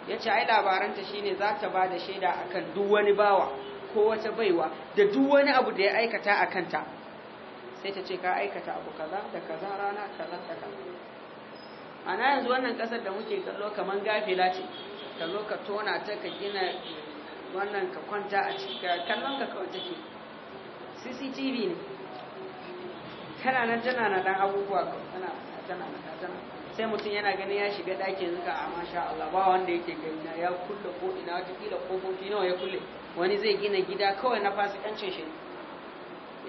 yace ai labaranta shine za ta bada shaida akan duk wani bawa ko wata baiwa da duk wani abu da ya aikata a kanta sai ta ce ka aikata abu kaza da kaza rana kaza da kaza ana yanzu wannan kasar da muke kallo kaman gafila ce ka zo ka tona ta ka gina wannan ka kwanta a cikin kallon ka kawai take cctv ne kana nan tana na dan abubuwa tana tana tana sai mutum yana ganin ya shiga ɗakin zuka a ah, masha Allah ba wanda yake gani ya kulle ko ina wata kila kofofi nawa ya kulle wani zai gina gida kawai na fasikancin shi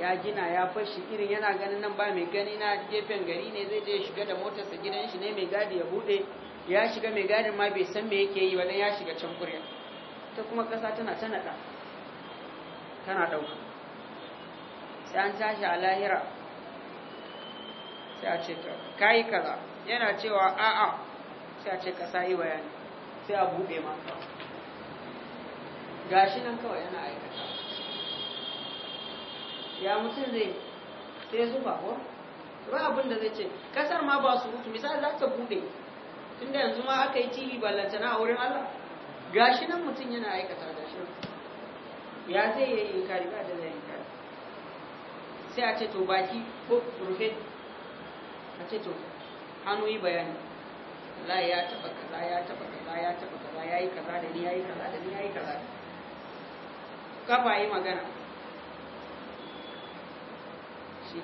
ya gina ya fashi irin yana ganin nan ba mai gani na gefen gari ne zai je shiga da motarsa gidan shi ne mai gadi ya bude ya shiga mai gadin ma bai san me yake yi dan ya shiga can kurya ta kuma ƙasa tana ta naɗa tana dauka sai an tashi a lahira sai a ce ta kai kaza yana cewa a'a sai a ce ƙasa yi bayani sai a buɗe ma gashi nan kawai yana aikata ya mutum zai sai zuba ko ba abin da zai ce ƙasar ma ba su mutu misali za ta buɗe tunda yanzu ma aka yi tihi ballantana a wurin Allah gashi nan mutum yana aikata da shi? ya zai yi inkari ba da zai inkari sai a ce to baki ko rufe a ce to hannu yi bayani Allah ya taba kaza ya taba kaza ya taba kaza ya yi kaza da ni ya yi kaza da ni ya yi kaza kafa yi magana shi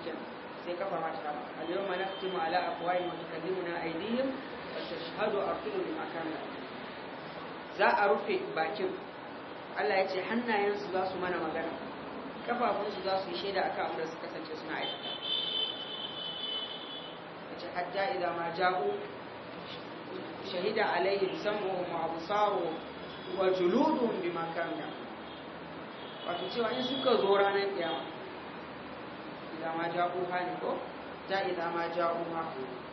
sai kafa ma ta kama al yawma nahtimu ala mafi kalli muna aidiyin tashhadu arjuluhum makana za a rufe bakin Allah ya ce hannayensu za su mana magana kafafunsu za su yi shaida akan abin da suka kasance suna aikata yace hatta idan ma ja'u shahida alaihi sam'uhu wa absaruhum wa juluduhum bi makana wato cewa in suka zo ranar kiyama idan ma ja'u hani ko hatta idan ma ma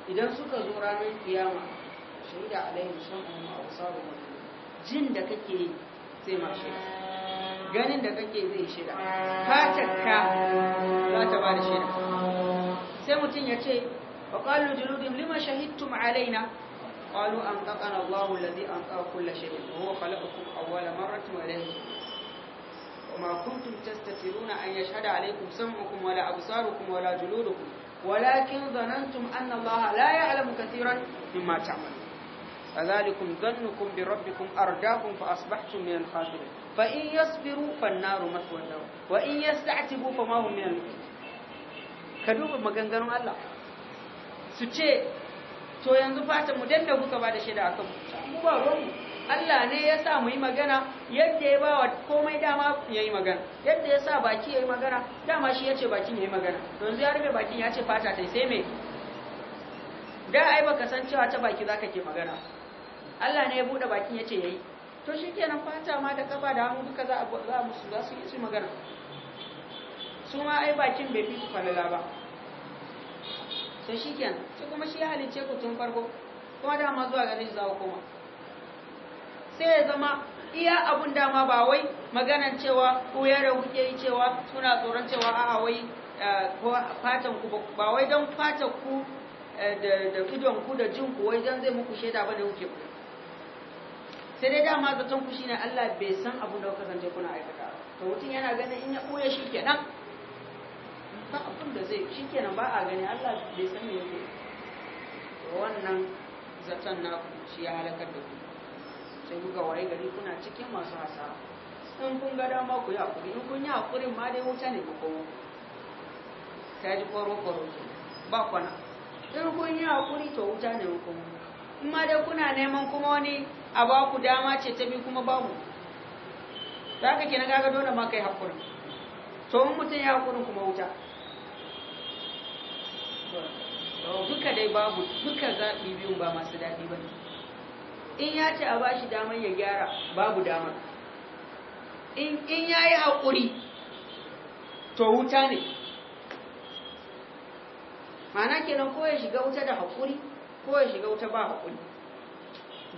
idan suka zo ranar kiyama shaida alaihi sam'uhum wa absaruhum jin da kake sai ma shi ganin da kake zai ka takka za ta ba da sai mutum ya ce wa qalu juludim lima shahidtum alaina qalu anqana Allahu alladhi anqa kull shay'in wa huwa khalaqakum awwala marratin wa ilayhi وما كنتم تستترون أن يشهد عليكم سمعكم ولا أبصاركم ولا جلودكم ولكن ظننتم أن الله لا يعلم كثيرا مما تعملون فذلكم ظنكم بربكم أرداكم فأصبحتم من الخاسرين فإن يصبروا فالنار مثوى لهم وإن يستعتبوا فما هم من المؤمنين كدوب مغنغنون الله سوچه to yanzu fata mu danna kuka ba da shaida akan mu ba ruwan mu Allah ne ya sa mu yi magana yadda ya ba wa komai dama ya yi magana yadda ya sa baki ya yi magana dama shi ya ce bakin ya yi magana yanzu ya rufe bakin ya ce fata ta sai me da ai baka san cewa ta baki zaka ke magana Allah ne ya bude bakin ya ce yayi to shikenan fata ma da kafa da hannu duka za a za musu za su yi su magana su ma ai bakin bai fi falala ba to shikenan sai kuma shi ya halice ku tun farko kuma dama zuwa ganin za ku koma sai ya zama iya abun dama ba wai maganan cewa ko yara kuke yi cewa suna tsoron cewa a'a wai eh, fatan ku ba wai don fatan ku eh, da idon ku da jin ku wai don zai muku shaida ba da kuke ku sai dai dama zaton ku shine Allah bai san abun da kuka zance kuna aikata to mutum yana ganin in ya koya shi kenan ba abun da zai shi kenan ba a gani Allah bai san me yake wannan zaton na ku shi ya halakar da ku sai kuka waye gari kuna cikin masu hasa. sun kun ga dama ku yi hakuri in kun yi hakurin ma dai wuta ne ku komo ta ji koro koro ba kwana in kun yi hakuri to wuta ne ku komo in ma dai kuna neman kuma wani a ba ku dama ce ta bi kuma babu da haka kenan kaga dole ma kai hakuri to in mutum ya hakuri kuma wuta duka dai babu duka zaɓi biyu ba masu daɗi ba ne in ya ce a ba shi damar ya gyara babu damar in ya yi haƙuri to wuta ne mana kenan ko ya shiga wuta da haƙuri ko ya shiga wuta ba haƙuri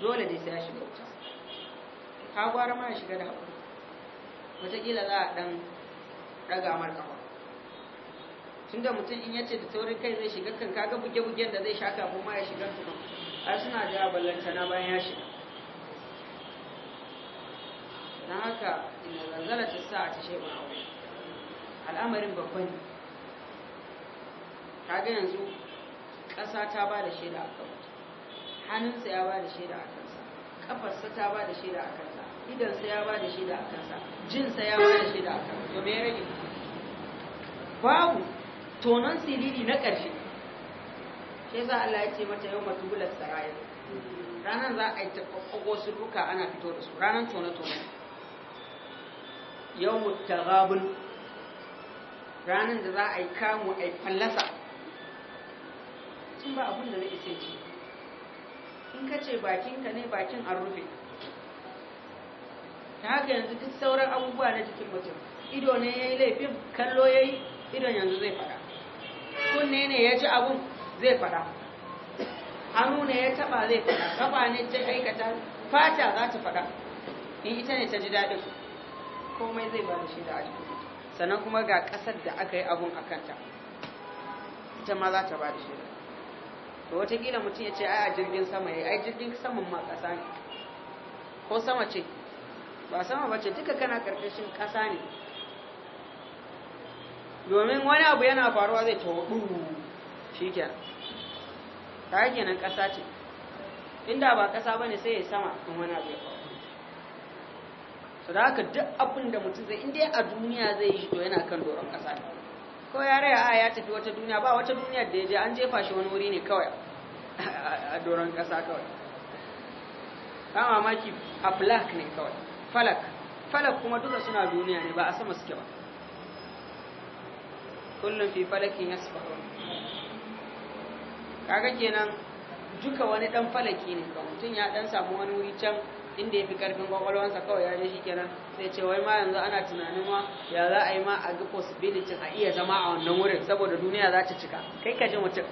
dole dai sai ya shiga wuta ka gwara ma ya shiga da haƙuri watakila za a ɗan ɗaga mar tun tunda mutum in yace da taurin kai zai shiga kan kaga buge-bugen da zai sha kafin ma ya shiga tukun ai suna da na bayan ya shiga haka ina zanzara ta sa a ta shaiba aure al'amarin babban kaga yanzu ƙasa ta ba da shaida a kan hannunsa ya ba da shaida a kansa ƙafarsa ta ba da shaida a kansa idansa ya ba da shaida a kansa jinsa ya ba da shaida a kansa to me ya rage babu tonon siriri na ƙarshe shi yasa Allah ya ce mata yau matubular sarayi ranar za a yi ta kokko su duka ana fito da su ranar tona tona yau mutagabul ranar da za a yi kamu a yi fallasa sun ba abun da na isa ci in ka ce ka ne bakin an rufe ta haka yanzu duk sauran abubuwa na jikin mutum ido ne ya yi laifin kallo ya yi idon yanzu zai fada kunne ne ya ci abun zai fada hannu ne ya taba zai fada kafa ne ta aikata fata za ta fada in ita ne ta ji daɗin komai zai ba da shi da aji sannan kuma ga ƙasar da aka yi abun a kanta ita ma za ta ba da shi da to watakila mutum ya ce ai a jirgin sama ya ai jirgin saman ma ƙasa ne ko sama ce ba sama ba ce duka kana ƙarƙashin ƙasa ne domin wani abu yana faruwa zai tawo ɗuru ta kaga kenan ƙasa ce inda ba ƙasa bane sai ya sama in wani abu ya faru so da haka duk abin da mutum zai inda a duniya zai yi to yana kan doron ƙasa ne ko ya raya a ya tafi wata duniya ba wata duniyar da ya je an jefa shi wani wuri ne kawai [LAUGHS] a doron ƙasa kawai ba mamaki a flak ne kawai falak falak kuma duka suna duniya ne ba a sama suke ba kullum fi falakin yasfahun kaga kenan duka wani dan falaki ne ba mutum ya dan samu wani wuri can inda yafi fi karfin kwakwalwansa kawai ya je shi kenan sai ce wai ma yanzu ana tunanin ma ya za a yi ma a ga possibility a iya zama a wannan wurin saboda duniya za ta cika kai ka ji mutum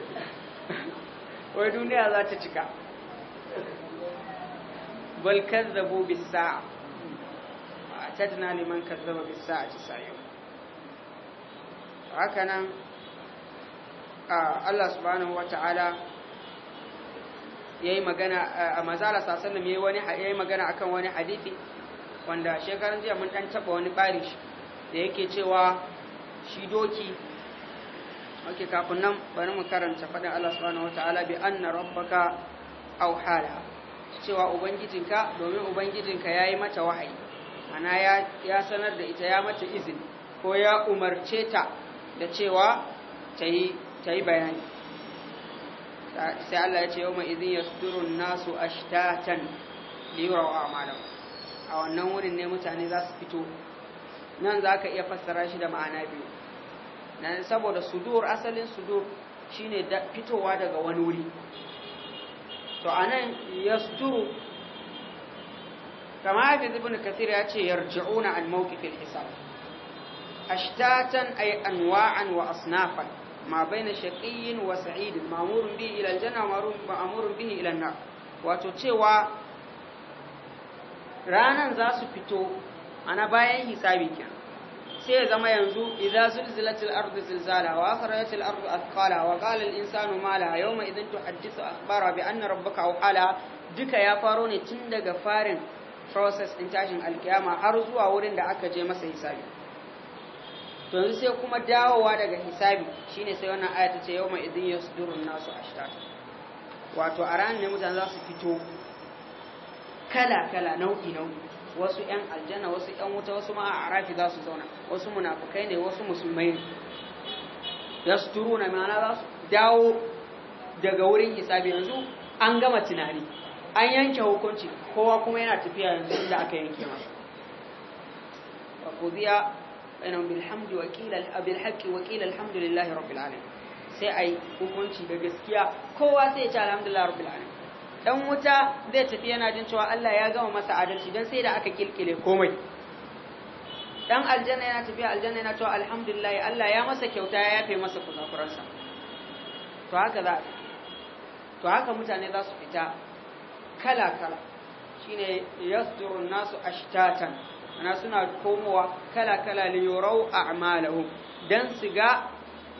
[LAUGHS] wai duniya za ta cika bal kazzabu bis sa'a tadna liman kazzaba bis sa'ati sayyid haka nan Allah subhanahu wata'ala yayi magana a mazala sasallam yayi wani yayi magana akan wani hadisi wanda shekaran jiya mun dan taba wani barish da yake cewa shi doki oke kafin nan bari mu karanta faɗin Allah subhanahu wata'ala bi anna rabbaka aw hala cewa ubangijinka domin ubangijinka yayi mata wahayi ana ya ya sanar da ita ya mata izini ko ya umarce ta da cewa ta yi ta yi bayani sai Allah ya ce yau mai izin ya suturun nasu ashtatan liyurawa amalan a wannan wurin ne mutane za su fito nan za ka iya fassara shi da ma'ana biyu saboda sudur asalin sudur shine fitowa daga wani wuri to anan yasturu kama hafiz ibn Kasir ya ce yarji'una an mawqif al-hisab ashtatan ay anwa'an wa asnafan ma baina shaqiyyin wa sa'idin ma'murun bihi ila wato cewa ranan za su fito ana bayan hisabi kenan sai ya zama yanzu idza zulzilatil ardu zilzala wa akhrajatil ardu athqala wa qala al insanu ma la yawma idhin tuhaddithu akhbara bi anna rabbaka awala duka ya faro ne tun daga farin process din tashin alkiyama har zuwa wurin da aka je masa hisabi to yanzu sai kuma dawowa daga hisabi shine sai wannan aya ta ce yawma idin yasdurun nasu ashrat wato a ranar ne mutane za su fito kala kala nau'i nau'i wasu yan aljanna wasu yan wuta wasu ma a arafi za su zauna wasu munafukai ne wasu musulmai ne yasturuna ma'ana za su dawo daga wurin hisabi yanzu an gama tunani an yanke hukunci kowa kuma yana tafiya yanzu inda aka yanke masa bainahum bil hamdi wa qila bil haqqi wa qila alhamdulillahi rabbil alamin sai ai hukunci da gaskiya kowa sai ya ce alhamdulillahi rabbil alamin dan wuta zai tafi yana jin cewa Allah ya gama masa adalci dan sai da aka kilkile komai dan aljanna yana tafiya aljanna yana cewa alhamdulillah Allah ya masa kyauta ya yafe masa kuzakuransa to haka za to haka mutane za su fita kala kala shine yasdurun nasu ashtatan ana suna komowa kala-kala liyorau a amalahu don su ga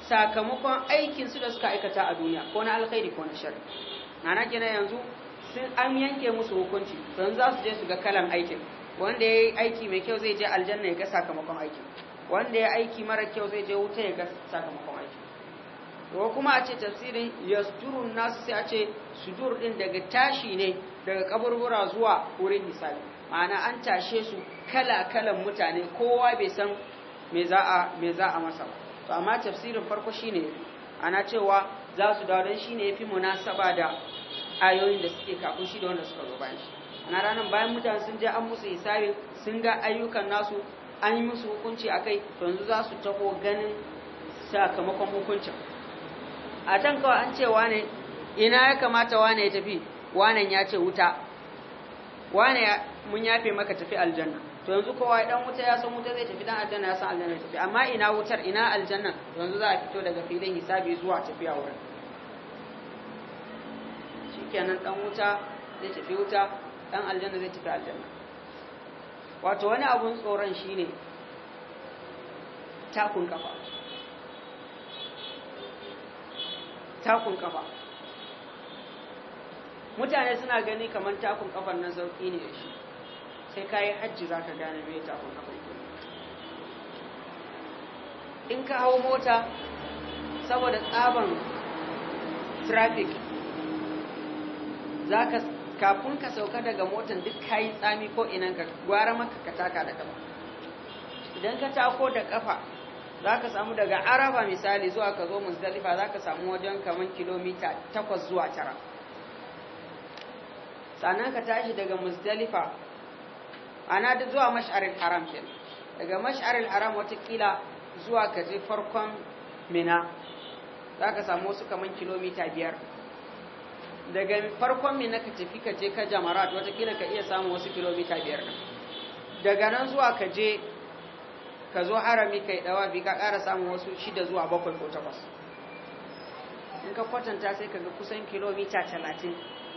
sakamakon aikinsu da suka aikata a duniya ko na alkhairi ko na shari na gina yanzu sun an yanke musu hukunci don za su je su ga kalan aikin wanda ya yi aiki mai kyau zai je aljanna ya ga sakamakon aikin wanda ya aiki mara kyau zai je wuta ya ga sakamakon aikin ko kuma a ce tafsirin yasturu nasu sai a ce sudur din daga tashi ne daga kaburbura zuwa wurin hisabi ma'ana an tashe su kala-kalan mutane kowa bai san me za a masa ba to amma tafsirin farko shine ana cewa za su dawo don shine yafi munasaba da ayoyin da suke kafin shi da wanda suka zo bayan shi ana ranar bayan mutane sun je an musu hisabi sun ga ayyukan nasu an yi musu hukunci akai to yanzu za su taho ganin sakamakon hukuncin a can kawai an ce wane ina ya kamata wane ya tafi wane ya ce wuta wane mun yafe maka tafi aljanna to yanzu kowa dan wuta ya san wuta zai tafi dan aljanna ya san aljanna zai tafi amma ina wutar ina aljanna yanzu za a fito daga filin hisabi zuwa tafiya wurin shikenan dan wuta zai tafi wuta dan aljanna zai tafi aljanna wato wani abun tsoron shine takun kafa takun kafa mutane suna gani kamar takun kafan nan sauki ne da shi sai ka yi hajji za ka gane mai tafin afirka in ka hau mota saboda tsaban traffic za ka kafin ka sauka daga motan duk ka yi tsami ko inan ka gwara maka ka taka da kafa idan ka tako da kafa za ka samu daga araba misali zuwa ka zo musdalifa za ka samu wajen kamar kilomita 8 zuwa 9 sannan ka tashi daga musdalifa ana da zuwa mash'aril haram ke daga mash'aril haram watakila zuwa ka farkon mina za ka samu wasu kamar kilomita biyar daga farkon mina ka tafi ka je ka jamarat watakila ka iya samun wasu kilomita biyar daga nan zuwa ka je ka zo harami ka yi dawa bi ka ƙara samun wasu shida zuwa bakwai ko takwas in ka kwatanta sai ka ga kusan kilomita talatin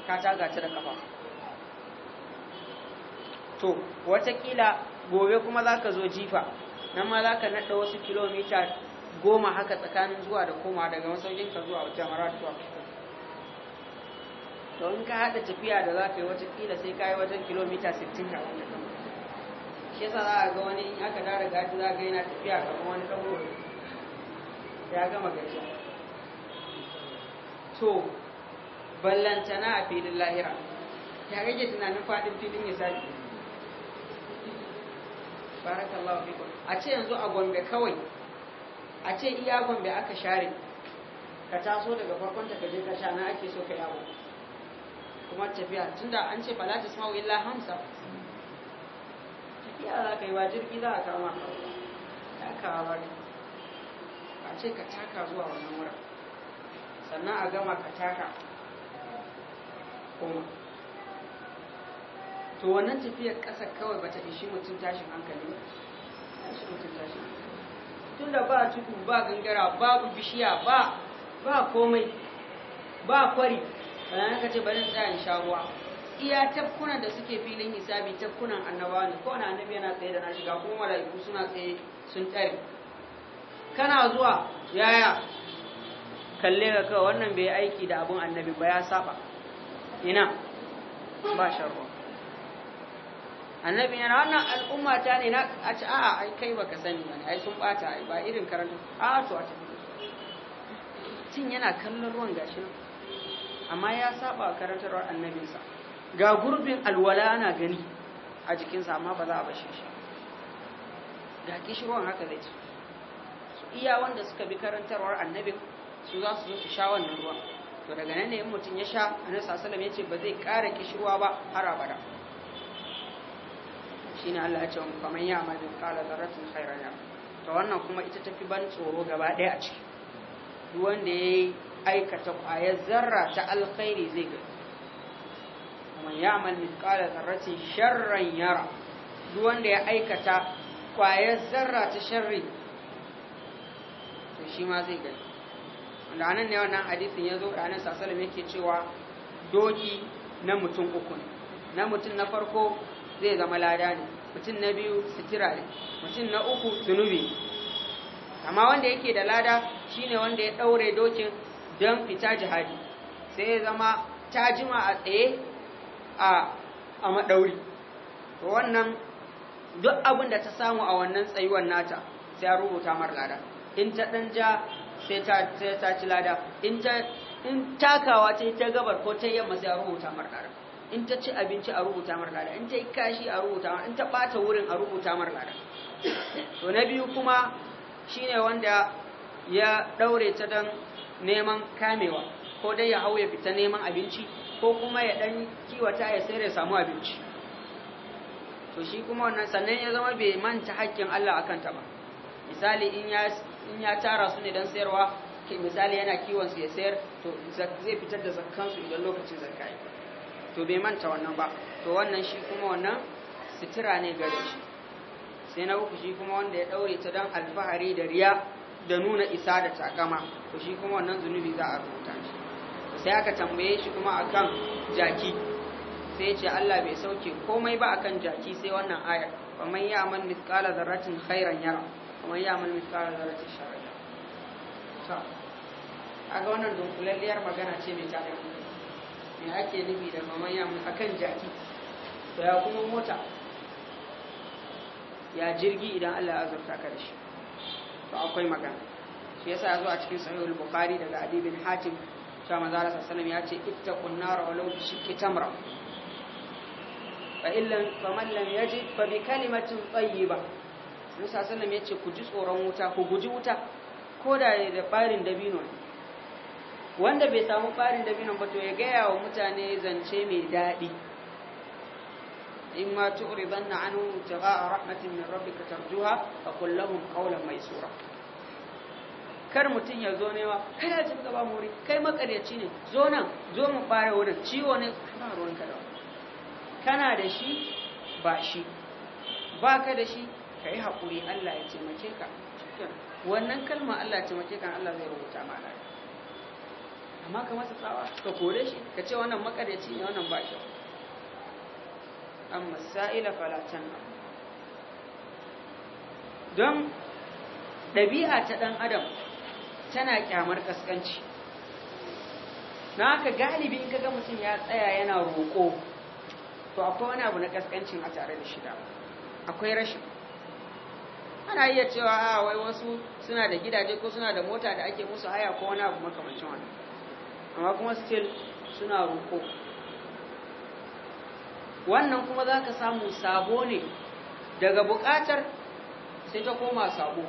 ka taga ta da kafa to watakila gobe kuma za ka zo jifa nan ma za ka naɗa wasu kilomita goma haka tsakanin zuwa da koma daga ka zuwa wajen maratuwa to in ka haɗa tafiya da za ka yi watakila sai ka yi wajen kilomita 60 a wani ɗan shi yasa za a ga wani in aka dara gaji za ga yana tafiya kamar wani ɗan ya gama gaji to ballantana a filin lahira ya rage tunanin faɗin filin ya sake barakallahu fikum a ce yanzu a gombe kawai a ce iya gombe aka share ka taso daga farkon ta kasha na shana ake so ka yawo kuma tafiya tunda an ce fala tasma'u illa hamsa tafiya za ka yi wa jirgi za a kama Ya takawa bari a ce ka taka zuwa wannan wurin sannan a gama ka taka kuma. to wannan tafiyar ƙasa kawai ba ta ishi mutum tashin hankali ba tun da ba tuku ba gangara ba bishiya ba ba komai ba kwari bayan ka ce bari tsayin shawuwa iya tafkunan da suke filin hisabi tafkunan annabawa ne kowane annabi yana tsaye da na shiga kuma mala'iku suna tsaye sun tare kana zuwa yaya kalle ka kawai wannan bai aiki da abin annabi ba ya saba ina ba sharuwa annabi yana wannan al'umma ta ne na a ci a'a ai kai baka sani ba ai sun bata ai ba irin karanta a to a tafi cin yana kallon ruwan gashi amma ya saba karantarwar annabinsa ga gurbin alwala ana gani a jikinsa amma ba za a bashe shi ga ruwan haka zai ci iya wanda suka bi karantarwar annabin su za su zo su sha wannan ruwan to daga nan ne mutum ya sha annabi sallallahu alaihi wasallam ya ce ba zai ƙara kishirwa ba har abada shine Allah ya ce ya ya'mal mithqala dharratin khairan yara to wannan kuma ita tafi ban tsoro gaba ɗaya a ciki duk wanda yayi aikata ƙwayar zarra ta alkhairi zai ga faman ya'mal mithqala dharratin sharran yara duk wanda ya aikata ƙwayar zarra ta sharri to shi ma zai gani wanda anan ne wannan hadisin ya zo da anan wasallam yake cewa doki na mutum uku ne na mutum na farko zai zama lada ne mutum na biyu sitira ne mutum na uku zunubi amma wanda yake da lada shine wanda ya daure dokin don fita jihadi sai ya zama tajima a tsaye a a madauri to wannan duk abin da ta samu a wannan tsayuwar nata sai ya rubuta mar lada in ta dan ja sai ta ta ci lada in ta in takawa ta yi ta gabar ko ta yamma sai ya rubuta mar lada in ta ci abinci a rubuta mar lada in ta yi kashi a rubuta mar in ta bata wurin a rubuta mar lada to na biyu kuma shine wanda ya daure ta dan neman kamewa ko dai ya hau ya fita neman abinci ko kuma ya dan kiwata ya sayar ya samu abinci to shi kuma wannan sannan ya zama bai manta hakkin Allah akan ta ba misali in ya in ya tara su ne dan sayarwa misali yana kiwon su ya sayar to zai fitar da zakkansu idan lokacin zakka to bai manta wannan ba to wannan shi kuma wannan sitira ne gare shi sai na uku shi kuma wanda ya daure ta don alfahari da riya da nuna isa da takama to shi kuma wannan zunubi za a rubuta shi sai aka tambaye shi kuma akan jaki sai ya ce Allah bai sauke komai ba akan jaki sai wannan ayar kamar man ya'mal mithqala dharratin khairan yara kamar man ya'mal mithqala dharratin sharran yara ga wannan dunkulalliyar magana ce mai tarihi me ake nufi da maman yamu kan jaki to ya kuma mota ya jirgi idan Allah ya azurta ka da shi to akwai magana shi yasa ya zo a cikin sahih al-bukhari daga abi bin hatim cewa manzo Allah sallallahu ya ce ittaqun nara walau bi shiqqi tamra fa illam faman lam yajid fa bi kalimatin tayyiba Musa sallallahu ya ce ku ji tsoron wuta ku guji wuta ko da da barin dabino ne wanda bai samu farin dabinon ba to ya gaya wa mutane zance mai daɗi in ma tu'ridanna anhu tibaa rahmatin min rabbika tarjuha fa qul lahum qawlan maysura kar mutum ya zo nema kai ya tafi gaba muri kai makaryaci ne zo nan zo mu fara wurin ciwo ne kana ruwan ka da kana da shi ba shi baka da shi kai hakuri Allah ya taimake ka wannan kalma Allah ya taimake ka Allah zai rubuta ma'ana amma ka masa tsawa ka kore shi ka ce wannan makaryaci ne wannan ba kyau amma sa'ila falatan don ɗabi'a ta ɗan adam tana kyamar kaskanci na haka galibi in kaga mutum ya tsaya yana roƙo to akwai wani abu na kaskancin a tare da shida akwai rashin ana iya cewa a ah, wai wasu suna da gidaje ko suna da mota da ake musu haya ko wani abu makamancin wani amma kuma still suna roƙo wannan kuma za ka samu sabo ne daga buƙatar sai ta koma sabo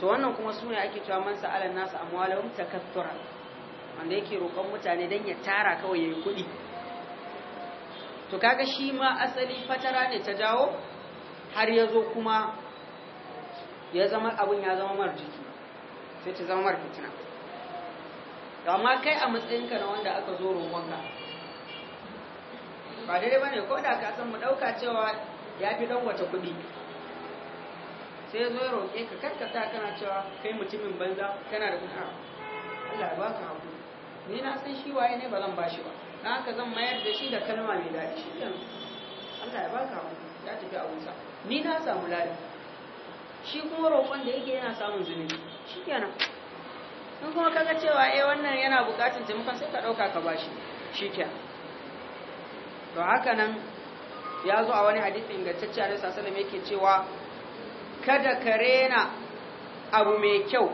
ta wannan kuma su ne ake cewa man sa'alan nasu amwalahum takattura wanda yake roƙon mutane don ya tara kawai ya yi kuɗi to kaga shi ma asali fatara ne ta jawo har ya zo kuma ya zama abin ya zama marjiki sai ta zama marfitina fitina da amma kai a matsayinka na wanda aka zo roƙonka ba daidai ba ne ko da ka san mu ɗauka cewa ya fi ɗan wata kuɗi sai zo ya roƙe ka karkata kana cewa kai mutumin banza kana da kuka Allah ya ka hakuri ni na san shi waye ne ba zan ba shi ba na haka zan mayar da shi da kalma mai daɗi shi kenan Allah ya ka hakuri ya tafi a wuta ni na samu lada shi kuma roƙon da yake yana samun zunubi shi kenan in kuma kaga cewa eh wannan yana bukatun taimakon sai ka dauka ka bashi shikenan to haka nan ya zo a wani hadisi ingantacce Annabi sallallahu alaihi yake cewa kada ka rena abu mai kyau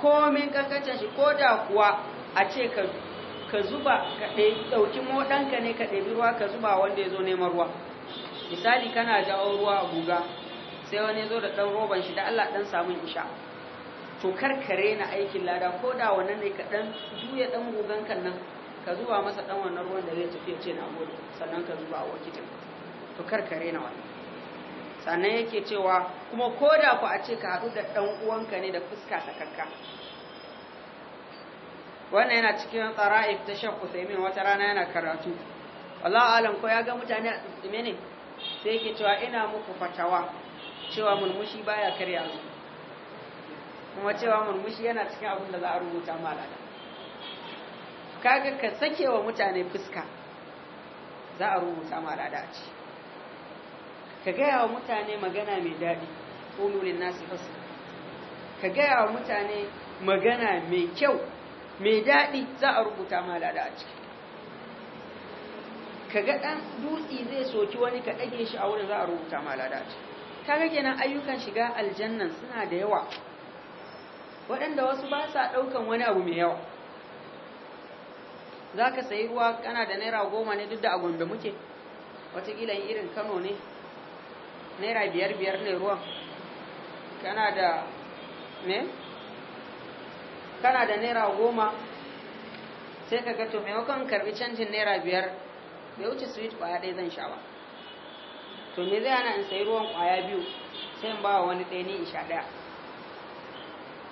ko min kankancin shi da kuwa a ce ka ka zuba ka ɗauki ne ka ɗebi ruwa ka zuba wanda ya zo neman ruwa misali kana jawo ruwa a guga sai wani zo da ɗan roban shi da Allah ɗan samun isha to karkare na aikin lada ko da wannan ne ka dan juya dan gugan kan nan ka zuwa masa dan wannan ruwan da zai tafi ya ce na gode sannan ka zuwa a to karkare na wannan sannan yake cewa kuma ko da ku a ce ka haɗu da ɗan uwanka ne da fuska sakakka wannan yana cikin tsara'if ta shan usaimin wata rana yana karatu Allah alam ko ya ga mutane a tsitsime ne sai yake cewa ina muku fatawa cewa murmushi baya karya zuwa kuma cewa murmushi yana cikin abin da za a rubuta malaka kaga ka sake wa mutane fuska za a rubuta malada a ci ka gaya wa mutane magana mai daɗi ƙulurin nasi fasu ka gaya wa mutane magana mai kyau mai daɗi za a rubuta malada a ciki ka ga ɗan dutse zai soki wani ka ɗage shi a wurin za a rubuta malada a ciki kaga kenan ayyukan shiga aljannan suna da yawa waɗanda wasu ba sa ɗaukan wani abu mai yawa za ka sayi ruwa kana da naira goma ne duk da agon da muke watakila irin kano ne naira biyar biyar ne ruwan kana da ne kana da naira goma sai ka ga to maimakon karbi canjin naira biyar bai wuce sweet kwaya ɗaya zan sha ba to me zai hana in sayi ruwan kwaya biyu sai in ba wa wani ɗaya ni in sha ɗaya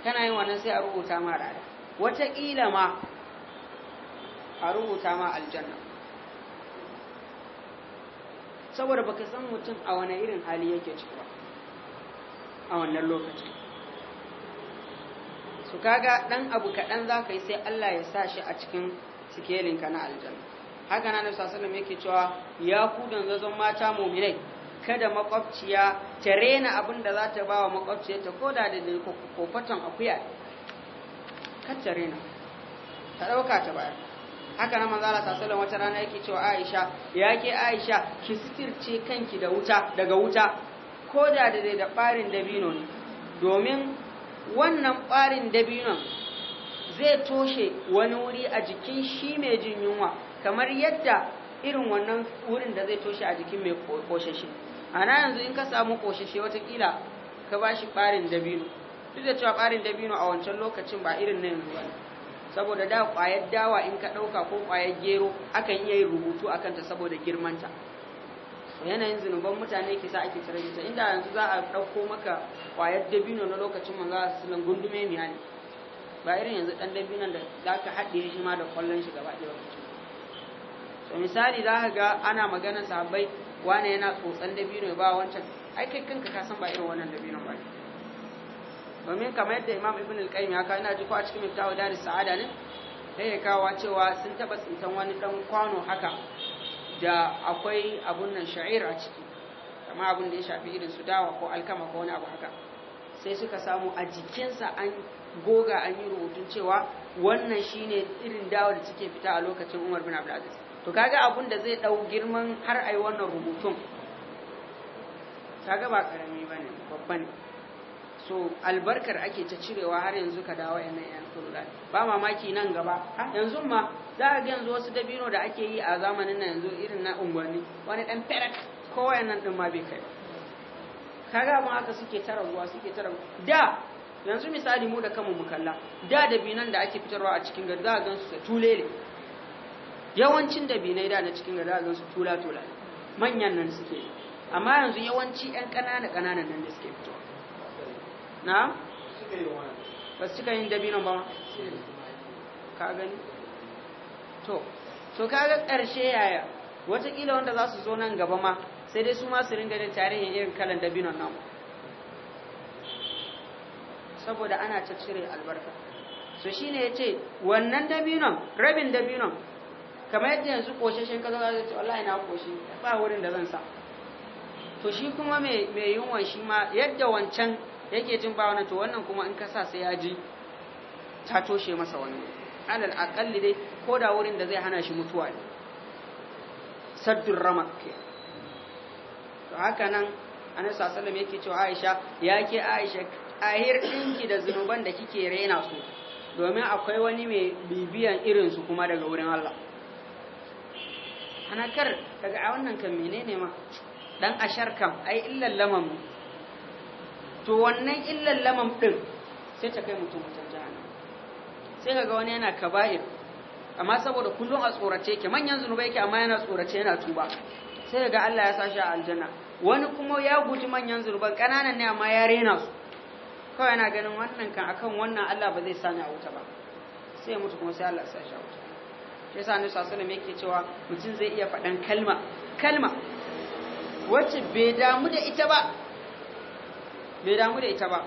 kana yin wannan sai a rubuta ma rada wataƙila ma a rubuta ma aljanna saboda baka san mutum a wani irin hali yake ciki a wannan lokacin su kaga ɗan abu kaɗan za ka yi sai Allah ya sa shi a cikin sikelinka na aljanna haka na nasu asalin yake cewa ya ku mata mominai kada makwabciya ta rena abin da za ta ba wa makwabciyarta ko da da kofaton akuya ka ta rena ta ɗauka ta bayar haka na manzala ta salon wata rana yake cewa aisha ya ke aisha ki sitirce kanki da wuta daga wuta ko da da da ɓarin dabino ne domin wannan ɓarin dabinon zai toshe wani wuri a jikin shi mai jin yunwa kamar yadda irin wannan wurin da zai toshe a jikin mai ƙoshe shi ana yanzu in ka samu koshashe watakila ka ba shi ɓarin dabino duk da cewa ɓarin dabino a wancan lokacin ba irin na yanzu ba saboda da ƙwayar dawa in ka ɗauka ko ƙwayar gero akan iya yin rubutu a kanta saboda girmanta yanayin zunuban mutane ke sa ake tarihi ta inda yanzu za a ɗauko maka ƙwayar dabino na lokacin manzo a sunan gundume miya ne ba irin yanzu ɗan dabinon da za ka haɗe shi ma da ƙwallon shi gaba ɗaya To misali za ka ga ana maganar sahabbai wane yana tsotsan dabino ya ba wancan ai kai kanka ka san ba irin wannan dabinon ba domin kamar yadda imam ibn al-qayyim ya kawo ina ji ko a cikin miftahu dari sa'ada ne sai ya kawo cewa sun taba tsintan wani dan kwano haka da akwai abun nan sha'ir a ciki kamar abun da ya shafi irin su dawa ko alkama ko wani abu haka sai suka samu a jikinsa an goga an yi rubutun cewa wannan shine irin dawa da suke fita a lokacin Umar bin Abdul to kaga abun da zai dau girman har ai wannan rubutun kaga ba karami bane babba ne so albarkar ake ta cirewa har yanzu ka dawo yana yan kullum ba mamaki nan gaba yanzu ma za a ga yanzu wasu dabino da ake yi a zamanin nan yanzu irin na unguwanni wani dan ferak ko wayannan din ma bai kai kaga abun haka suke tara ruwa suke tara da yanzu misali mu da kanmu mu kalla da dabinan da ake fitarwa a cikin gari za a gansu su tulele yawancin da binai da na cikin gada zan su tula tula manyan nan suke amma yanzu yawanci yan ƙanana ƙananan nan da suke fito na ba su cika yin dabinon ba ka gani to to kaga ƙarshe yaya watakila wanda za su zo nan gaba ma sai dai su ma su ringa da tarihin irin kalan dabinon nan saboda ana ta cire albarka so shine ce wannan dabinon rabin dabinon kamar yadda yanzu koshashen kaza zai ce wallahi na koshi ba wurin da zan sa to shi kuma mai mai yunwan shi ma yadda wancan yake jin ba wannan to wannan kuma in ka sa sai ya ji ta toshe masa wani alal aqalli dai ko da wurin da zai hana shi mutuwa ne saddur ramak to haka nan anan sallallahu yake cewa Aisha yake Aisha ahir dinki da zunuban da kike raina su domin akwai wani mai bibiyan irin su kuma daga wurin Allah ana kar kaga a wannan kan menene ma dan ashar kam ai illal lamam to wannan illal lamam din sai ta kai mutum mutan jahannam sai kaga wani yana kaba'ir amma saboda kullun a tsorace yake manyan zunubai yake amma yana tsorace yana tuba sai kaga Allah ya sashi a aljanna wani kuma ya guji manyan zunuban kananan ne amma ya rena su kawai yana ganin wannan kan akan wannan Allah ba zai sani a wuta ba sai mutu kuma sai Allah ya sashi a wuta shi sa nisa sallallahu mai ke cewa mutum zai iya faɗan kalma kalma wacce bai damu da ita ba bai damu da ita ba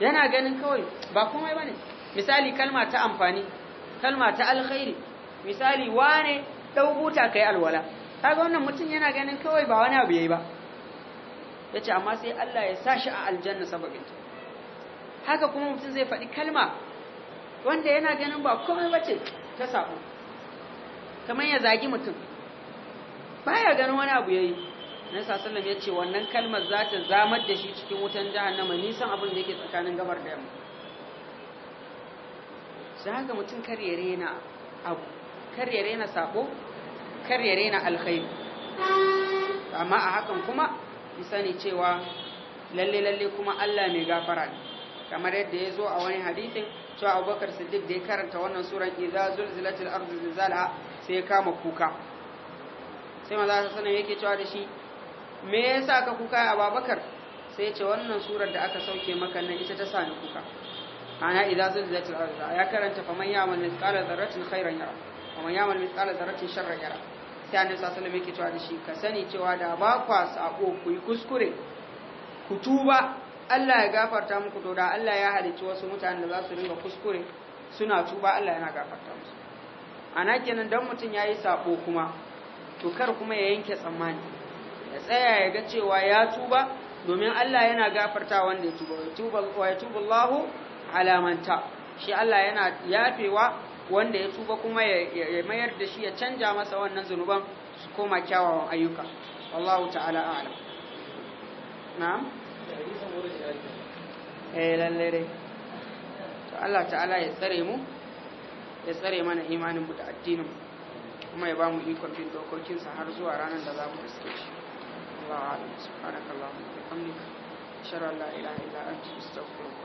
yana ganin kawai ba komai ne. misali kalma ta amfani kalma ta alkhairi misali wane ɗau buta kai alwala kaga wannan mutum yana ganin kawai ba wani abu ya yi ba yace amma sai Allah ya sa shi a aljanna sababin haka kuma mutum zai faɗi kalma wanda yana ganin ba komai bace ta sabo kamar ya zagi mutum baya ganin wani abu yayi nan sallallahu ya ce wannan kalmar za ta zamar da shi cikin wutan jahannama nisan abin da yake tsakanin gabar da yamma sai haka mutum kar ya rena abu kar ya rena sabo kar ya rena alkhairi amma a hakan kuma ki sani cewa lalle lalle kuma Allah mai gafara kamar yadda ya zo a wani hadisin cewa abubakar siddiq da ya karanta wannan suran idza zulzilatil ardu zilzalaha sai ya kama kuka sai maza ta sanin yake cewa da shi me yasa ka kuka ya abubakar sai ya ce wannan surar da aka sauke maka nan ita ta sani kuka ana idza zulzilatil ardu ya karanta faman ya'mal mithqala dharratin khairan yara faman ya'mal mithqala dharratin sharran yara sai annabi sallallahu alaihi wasallam yake cewa da shi ka sani cewa da ba kwa sako ku kuskure ku tuba Allah ya gafarta muku to da Allah ya halicci wasu mutane da za su ringa kuskure suna tuba Allah yana gafarta musu ana kenan dan mutum yayi sabo kuma to kar kuma ya yanke tsammani ya tsaya ya ga cewa ya tuba domin Allah yana gafarta wanda ya tuba wa yatubu Allahu ala man ta shi Allah yana yafewa wanda ya tuba kuma ya mayar da shi ya canja masa wannan zunuban su koma kyawawan ayyuka wallahu ta'ala a'lam na'am eh lalle dai to Allah ta'ala ya tsare mu ya tsare mana imanin mu da addinin mu kuma ya bamu ikon bin dokokin sa har zuwa ranar da za mu iske shi Allah subhanahu wa ta'ala ashhadu an la ilaha illa anta astaghfiruka